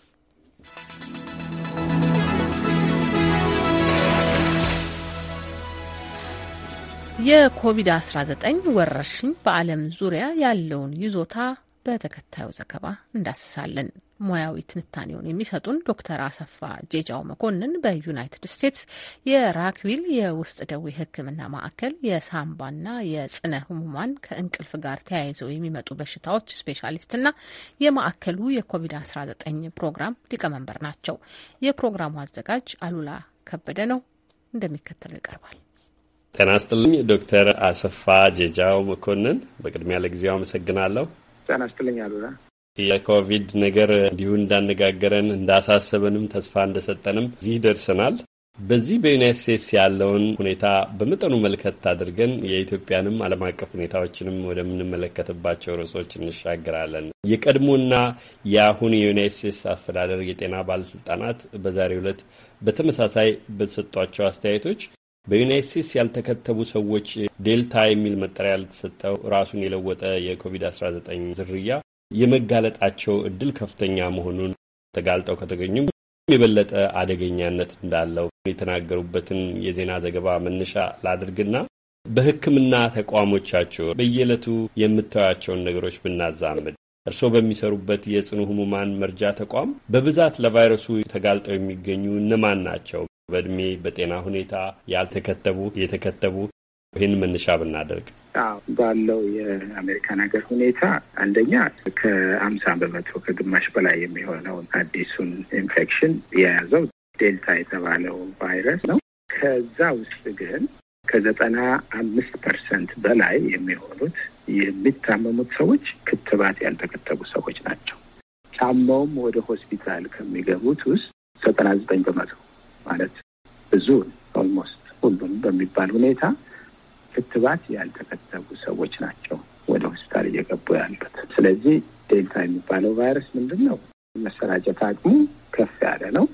የኮቪድ-19 ወረርሽኝ በዓለም ዙሪያ ያለውን ይዞታ በተከታዩ ዘገባ እንዳስሳለን። ሙያዊ ትንታኔውን የሚሰጡን ዶክተር አሰፋ ጄጃው መኮንን በዩናይትድ ስቴትስ የራክቪል የውስጥ ደዌ ሕክምና ማዕከል የሳምባና የጽነ ህሙማን ከእንቅልፍ ጋር ተያይዘው የሚመጡ በሽታዎች ስፔሻሊስትና የማዕከሉ የኮቪድ-19 ፕሮግራም ሊቀመንበር ናቸው። የፕሮግራሙ አዘጋጅ አሉላ ከበደ ነው፣ እንደሚከተለው ይቀርባል። ጤና ስጥልኝ ዶክተር አሰፋ ጀጃው መኮንን፣ በቅድሚያ ለጊዜው አመሰግናለሁ። ጤና ስጥልኝ አሉላ። የኮቪድ ነገር እንዲሁ እንዳነጋገረን እንዳሳሰበንም ተስፋ እንደሰጠንም እዚህ ደርሰናል። በዚህ በዩናይት ስቴትስ ያለውን ሁኔታ በመጠኑ መልከት አድርገን የኢትዮጵያንም ዓለም አቀፍ ሁኔታዎችንም ወደምንመለከትባቸው ርዕሶች እንሻገራለን። የቀድሞና የአሁን የዩናይት ስቴትስ አስተዳደር የጤና ባለስልጣናት በዛሬው ዕለት በተመሳሳይ በተሰጧቸው አስተያየቶች በዩናይት ስቴትስ ያልተከተቡ ሰዎች ዴልታ የሚል መጠሪያ ያልተሰጠው ራሱን የለወጠ የኮቪድ-19 ዝርያ የመጋለጣቸው እድል ከፍተኛ መሆኑን ተጋልጠው ከተገኙም የበለጠ አደገኛነት እንዳለው የተናገሩበትን የዜና ዘገባ መነሻ ላድርግና በሕክምና ተቋሞቻቸው በየዕለቱ የምታያቸውን ነገሮች ብናዛምድ እርስዎ በሚሰሩበት የጽኑ ህሙማን መርጃ ተቋም በብዛት ለቫይረሱ ተጋልጠው የሚገኙ እነማን ናቸው? በእድሜ በጤና ሁኔታ ያልተከተቡ የተከተቡ ይህን መነሻ ብናደርግ ባለው የአሜሪካን ሀገር ሁኔታ አንደኛ ከአምሳ በመቶ ከግማሽ በላይ የሚሆነውን አዲሱን ኢንፌክሽን የያዘው ዴልታ የተባለው ቫይረስ ነው። ከዛ ውስጥ ግን ከዘጠና አምስት ፐርሰንት በላይ የሚሆኑት የሚታመሙት ሰዎች ክትባት ያልተከተቡ ሰዎች ናቸው። ታመውም ወደ ሆስፒታል ከሚገቡት ውስጥ ዘጠና ዘጠኝ በመቶ ማለት ብዙ ኦልሞስት ሁሉም በሚባል ሁኔታ ክትባት ያልተከተቡ ሰዎች ናቸው ወደ ሆስፒታል እየገቡ ያሉት። ስለዚህ ዴልታ የሚባለው ቫይረስ ምንድን ነው? መሰራጨት አቅሙ ከፍ ያለ ነው።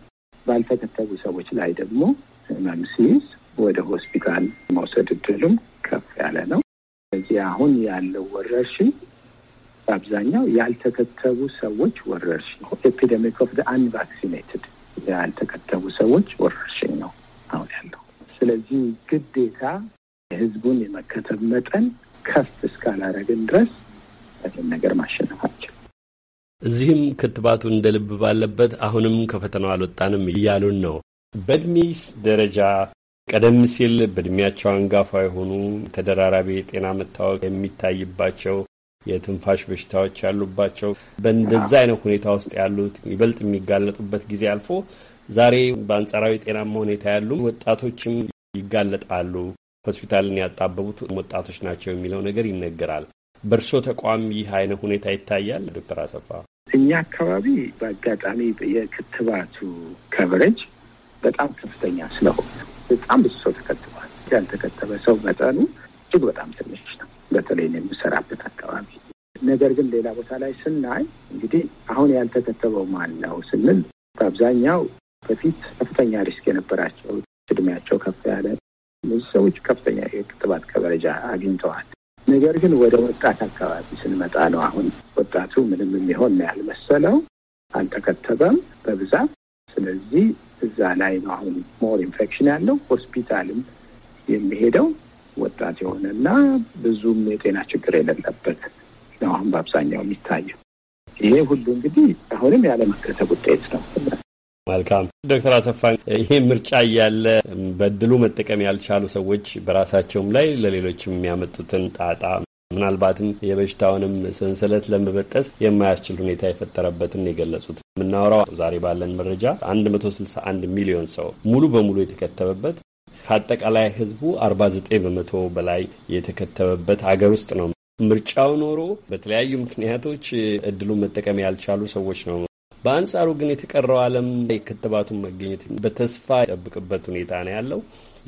ባልተከተቡ ሰዎች ላይ ደግሞ ህመም ሲይዝ ወደ ሆስፒታል መውሰድ እድሉም ከፍ ያለ ነው። ስለዚህ አሁን ያለው ወረርሽኝ በአብዛኛው ያልተከተቡ ሰዎች ወረርሽኝ ኤፒደሚክ ኦፍ አንቫክሲኔትድ ያልተከተቡ ሰዎች ወረርሽኝ ነው አሁን ያለው። ስለዚህ ግዴታ የህዝቡን የመከተብ መጠን ከፍ እስካላረግን ድረስ ይህን ነገር ማሸነፍ እዚህም ክትባቱ እንደ ልብ ባለበት አሁንም ከፈተናው አልወጣንም እያሉን ነው። በእድሜስ ደረጃ ቀደም ሲል በእድሜያቸው አንጋፋ የሆኑ ተደራራቢ የጤና መታወቅ የሚታይባቸው የትንፋሽ በሽታዎች ያሉባቸው በእንደዛ አይነት ሁኔታ ውስጥ ያሉት ይበልጥ የሚጋለጡበት ጊዜ አልፎ ዛሬ በአንጻራዊ ጤናማ ሁኔታ ያሉ ወጣቶችም ይጋለጣሉ። ሆስፒታልን ያጣበቡት ወጣቶች ናቸው የሚለው ነገር ይነገራል። በእርሶ ተቋም ይህ አይነት ሁኔታ ይታያል ዶክተር አሰፋ? እኛ አካባቢ በአጋጣሚ የክትባቱ ከቨሬጅ በጣም ከፍተኛ ስለሆነ በጣም ብዙ ሰው ተከትቧል። ያልተከተበ ሰው መጠኑ እጅግ በጣም ትንሽ ነው። በተለይ ነው የምሰራበት አካባቢ። ነገር ግን ሌላ ቦታ ላይ ስናይ እንግዲህ አሁን ያልተከተበው ማን ነው ስንል በአብዛኛው በፊት ከፍተኛ ሪስክ የነበራቸው እድሜያቸው ከፍ ያለ ብዙ ሰዎች ከፍተኛ የክትባት ከበረጃ አግኝተዋል። ነገር ግን ወደ ወጣት አካባቢ ስንመጣ ነው አሁን ወጣቱ ምንም የሚሆን ነው ያልመሰለው፣ አልተከተበም በብዛት ስለዚህ እዛ ላይ ነው አሁን ሞር ኢንፌክሽን ያለው ሆስፒታልም የሚሄደው ወጣት የሆነ እና ብዙም የጤና ችግር የሌለበት ነው አሁን በአብዛኛው የሚታየው። ይሄ ሁሉ እንግዲህ አሁንም ያለመከተብ ውጤት ነው። መልካም ዶክተር አሰፋን ይሄ ምርጫ እያለ በድሉ መጠቀም ያልቻሉ ሰዎች በራሳቸውም ላይ ለሌሎችም የሚያመጡትን ጣጣ ምናልባትም የበሽታውንም ሰንሰለት ለመበጠስ የማያስችል ሁኔታ የፈጠረበትን የገለጹት የምናወራው ዛሬ ባለን መረጃ 161 ሚሊዮን ሰው ሙሉ በሙሉ የተከተበበት ከአጠቃላይ ህዝቡ 49 በመቶ በላይ የተከተበበት አገር ውስጥ ነው። ምርጫው ኖሮ በተለያዩ ምክንያቶች እድሉን መጠቀም ያልቻሉ ሰዎች ነው። በአንጻሩ ግን የተቀረው ዓለም የክትባቱን መገኘት በተስፋ የጠብቅበት ሁኔታ ነው ያለው።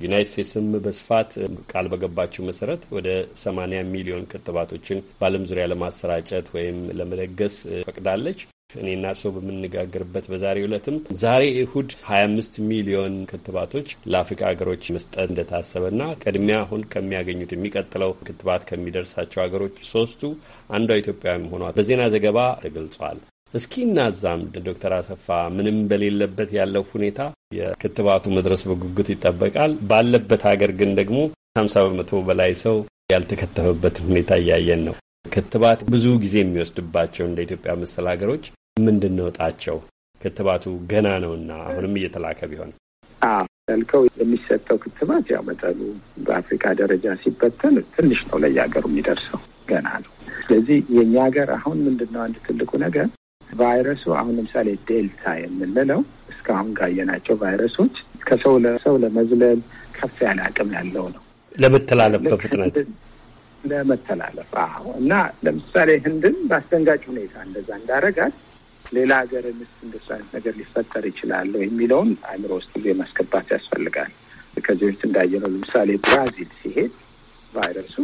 ዩናይት ስቴትስም በስፋት ቃል በገባችው መሰረት ወደ 80 ሚሊዮን ክትባቶችን በዓለም ዙሪያ ለማሰራጨት ወይም ለመለገስ ፈቅዳለች። እኔና እርሶ በምንነጋገርበት በዛሬ ዕለትም ዛሬ እሁድ 25 ሚሊዮን ክትባቶች ለአፍሪካ ሀገሮች መስጠት እንደታሰበና ቅድሚያ አሁን ከሚያገኙት የሚቀጥለው ክትባት ከሚደርሳቸው ሀገሮች ሶስቱ አንዷ ኢትዮጵያ መሆኗ በዜና ዘገባ ተገልጿል። እስኪ እናዛም ዶክተር አሰፋ ምንም በሌለበት ያለው ሁኔታ የክትባቱ መድረስ በጉጉት ይጠበቃል። ባለበት ሀገር ግን ደግሞ ከሀምሳ በመቶ በላይ ሰው ያልተከተበበትን ሁኔታ እያየን ነው። ክትባት ብዙ ጊዜ የሚወስድባቸው እንደ ኢትዮጵያ መሰል ሀገሮች ምንድን ነው እጣቸው? ክትባቱ ገና ነውና አሁንም እየተላከ ቢሆን ልከው የሚሰጠው ክትባት ያው መጠኑ በአፍሪካ ደረጃ ሲበተን ትንሽ ነው ለየሀገሩ የሚደርሰው ገና ነው። ስለዚህ የእኛ ሀገር አሁን ምንድን ነው አንድ ትልቁ ነገር ቫይረሱ አሁን ለምሳሌ ዴልታ የምንለው እስካሁን ካየናቸው ቫይረሶች ከሰው ለሰው ለመዝለል ከፍ ያለ አቅም ያለው ነው ለመተላለፍ በፍጥነት ለመተላለፍ አዎ። እና ለምሳሌ ህንድን በአስደንጋጭ ሁኔታ እንደዛ እንዳረጋት ሌላ ሀገርንስ እንደሱ አይነት ነገር ሊፈጠር ይችላል የሚለውን አእምሮ ውስጥ ጊዜ ማስገባት ያስፈልጋል። ከዚህ በፊት እንዳየነው ለምሳሌ ብራዚል ሲሄድ ቫይረሱ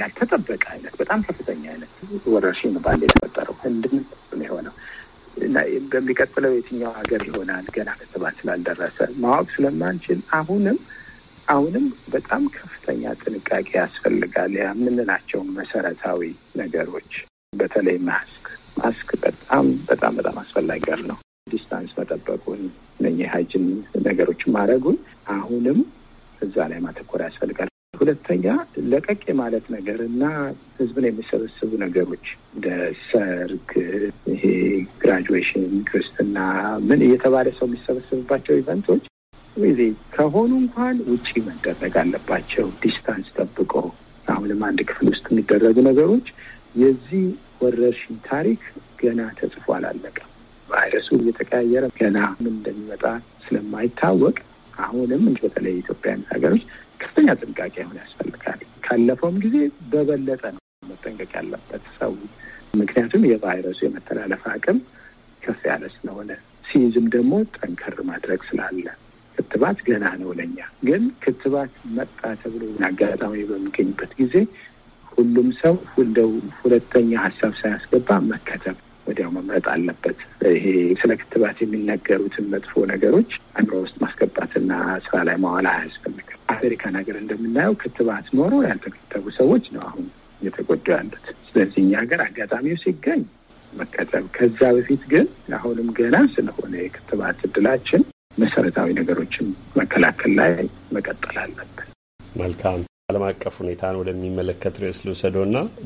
ያልተጠበቀ አይነት በጣም ከፍተኛ አይነት ወረርሽኝ ባል የተፈጠረው ህንድም የሆነው እና በሚቀጥለው የትኛው ሀገር ይሆናል ገና ክትባት ስላልደረሰ ማወቅ ስለማንችል አሁንም አሁንም በጣም ከፍተኛ ጥንቃቄ ያስፈልጋል። የምንላቸውን መሰረታዊ ነገሮች በተለይ ማስክ ማስክ በጣም በጣም በጣም አስፈላጊ ነው። ዲስታንስ መጠበቁን እነ የሀይጅን ነገሮችን ማድረጉን አሁንም እዛ ላይ ማተኮር ያስፈልጋል። ሁለተኛ ለቀቅ ማለት ነገር እና ህዝብን የሚሰበስቡ ነገሮች እንደ ሰርግ፣ ይሄ ግራጁዌሽን፣ ክርስትና ምን እየተባለ ሰው የሚሰበስብባቸው ኢቨንቶች ጊዜ ከሆኑ እንኳን ውጪ መደረግ አለባቸው ዲስታንስ ጠብቆ አሁንም አንድ ክፍል ውስጥ የሚደረጉ ነገሮች የዚህ ወረርሽኝ ታሪክ ገና ተጽፎ አላለቀም። ቫይረሱ እየተቀያየረ ገና ምን እንደሚመጣ ስለማይታወቅ አሁንም በተለይ ኢትዮጵያን ሀገሮች ከፍተኛ ጥንቃቄ ሆን ያስፈልጋል። ካለፈውም ጊዜ በበለጠ ነው መጠንቀቅ ያለበት ሰው። ምክንያቱም የቫይረሱ የመተላለፍ አቅም ከፍ ያለ ስለሆነ ሲይዝም ደግሞ ጠንከር ማድረግ ስላለ ክትባት ገና ነው ለኛ። ግን ክትባት መጣ ተብሎ አጋጣሚ በሚገኝበት ጊዜ ሁሉም ሰው እንደው ሁለተኛ ሀሳብ ሳያስገባ መከተብ ወዲያው መምረጥ አለበት። ይሄ ስለ ክትባት የሚነገሩትን መጥፎ ነገሮች አእምሮ ውስጥ ማስገባትና ስራ ላይ ማዋል አያስፈልግም። አሜሪካ ነገር እንደምናየው ክትባት ኖሮ ያልተከተቡ ሰዎች ነው አሁን እየተጎዱ ያሉት። ስለዚህ እኛ ሀገር አጋጣሚው ሲገኝ መከተብ፣ ከዛ በፊት ግን አሁንም ገና ስለሆነ የክትባት እድላችን መሰረታዊ ነገሮችን መከላከል ላይ መቀጠል አለብን። መልካም ዓለም አቀፍ ሁኔታን ወደሚመለከት ርዕስ ልውሰዶ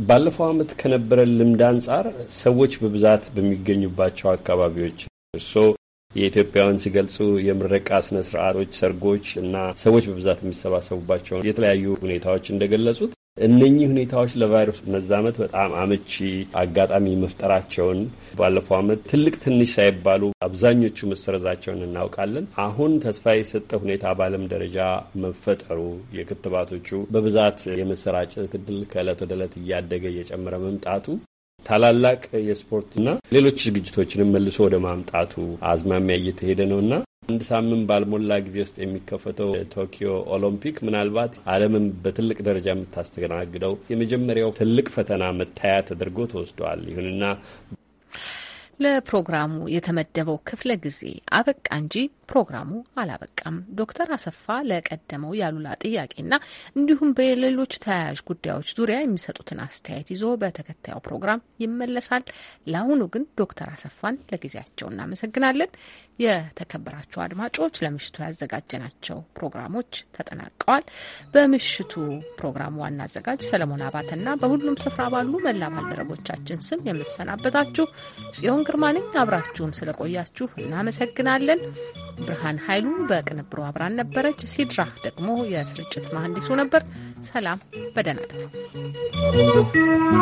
ባለፈው ዓመት ከነበረ ልምድ አንጻር ሰዎች በብዛት በሚገኙባቸው አካባቢዎች እርሶ የኢትዮጵያውያን ሲገልጹ የምረቃ ስነ ስርዓቶች፣ ሰርጎች እና ሰዎች በብዛት የሚሰባሰቡባቸውን የተለያዩ ሁኔታዎች እንደገለጹት እነኚህ ሁኔታዎች ለቫይረሱ መዛመት በጣም አመቺ አጋጣሚ መፍጠራቸውን ባለፈው ዓመት ትልቅ ትንሽ ሳይባሉ አብዛኞቹ መሰረዛቸውን እናውቃለን። አሁን ተስፋ የሰጠ ሁኔታ በዓለም ደረጃ መፈጠሩ የክትባቶቹ በብዛት የመሰራጨት እድል ከእለት ወደ እለት እያደገ እየጨመረ መምጣቱ ታላላቅ የስፖርትና ሌሎች ዝግጅቶችንም መልሶ ወደ ማምጣቱ አዝማሚያ እየተሄደ ነውና አንድ ሳምንት ባልሞላ ጊዜ ውስጥ የሚከፈተው ቶኪዮ ኦሎምፒክ ምናልባት ዓለምን በትልቅ ደረጃ የምታስተናግደው የመጀመሪያው ትልቅ ፈተና መታያ ተደርጎ ተወስዷል። ይሁንና ለፕሮግራሙ የተመደበው ክፍለ ጊዜ አበቃ እንጂ ፕሮግራሙ አላበቃም። ዶክተር አሰፋ ለቀደመው ያሉላ ጥያቄና እንዲሁም በሌሎች ተያያዥ ጉዳዮች ዙሪያ የሚሰጡትን አስተያየት ይዞ በተከታዩ ፕሮግራም ይመለሳል። ለአሁኑ ግን ዶክተር አሰፋን ለጊዜያቸው እናመሰግናለን። የተከበራቸው አድማጮች ለምሽቱ ያዘጋጀናቸው ፕሮግራሞች ተጠናቀዋል። በምሽቱ ፕሮግራም ዋና አዘጋጅ ሰለሞን አባተና በሁሉም ስፍራ ባሉ መላ ባልደረቦቻችን ስም የምሰናበታችሁ ጽዮን ግርማ ነኝ። አብራችሁን ስለቆያችሁ እናመሰግናለን። ብርሃን ኃይሉ በቅንብሩ አብራን ነበረች። ሲድራ ደግሞ የስርጭት መሐንዲሱ ነበር። ሰላም፣ በደህና እደሩ።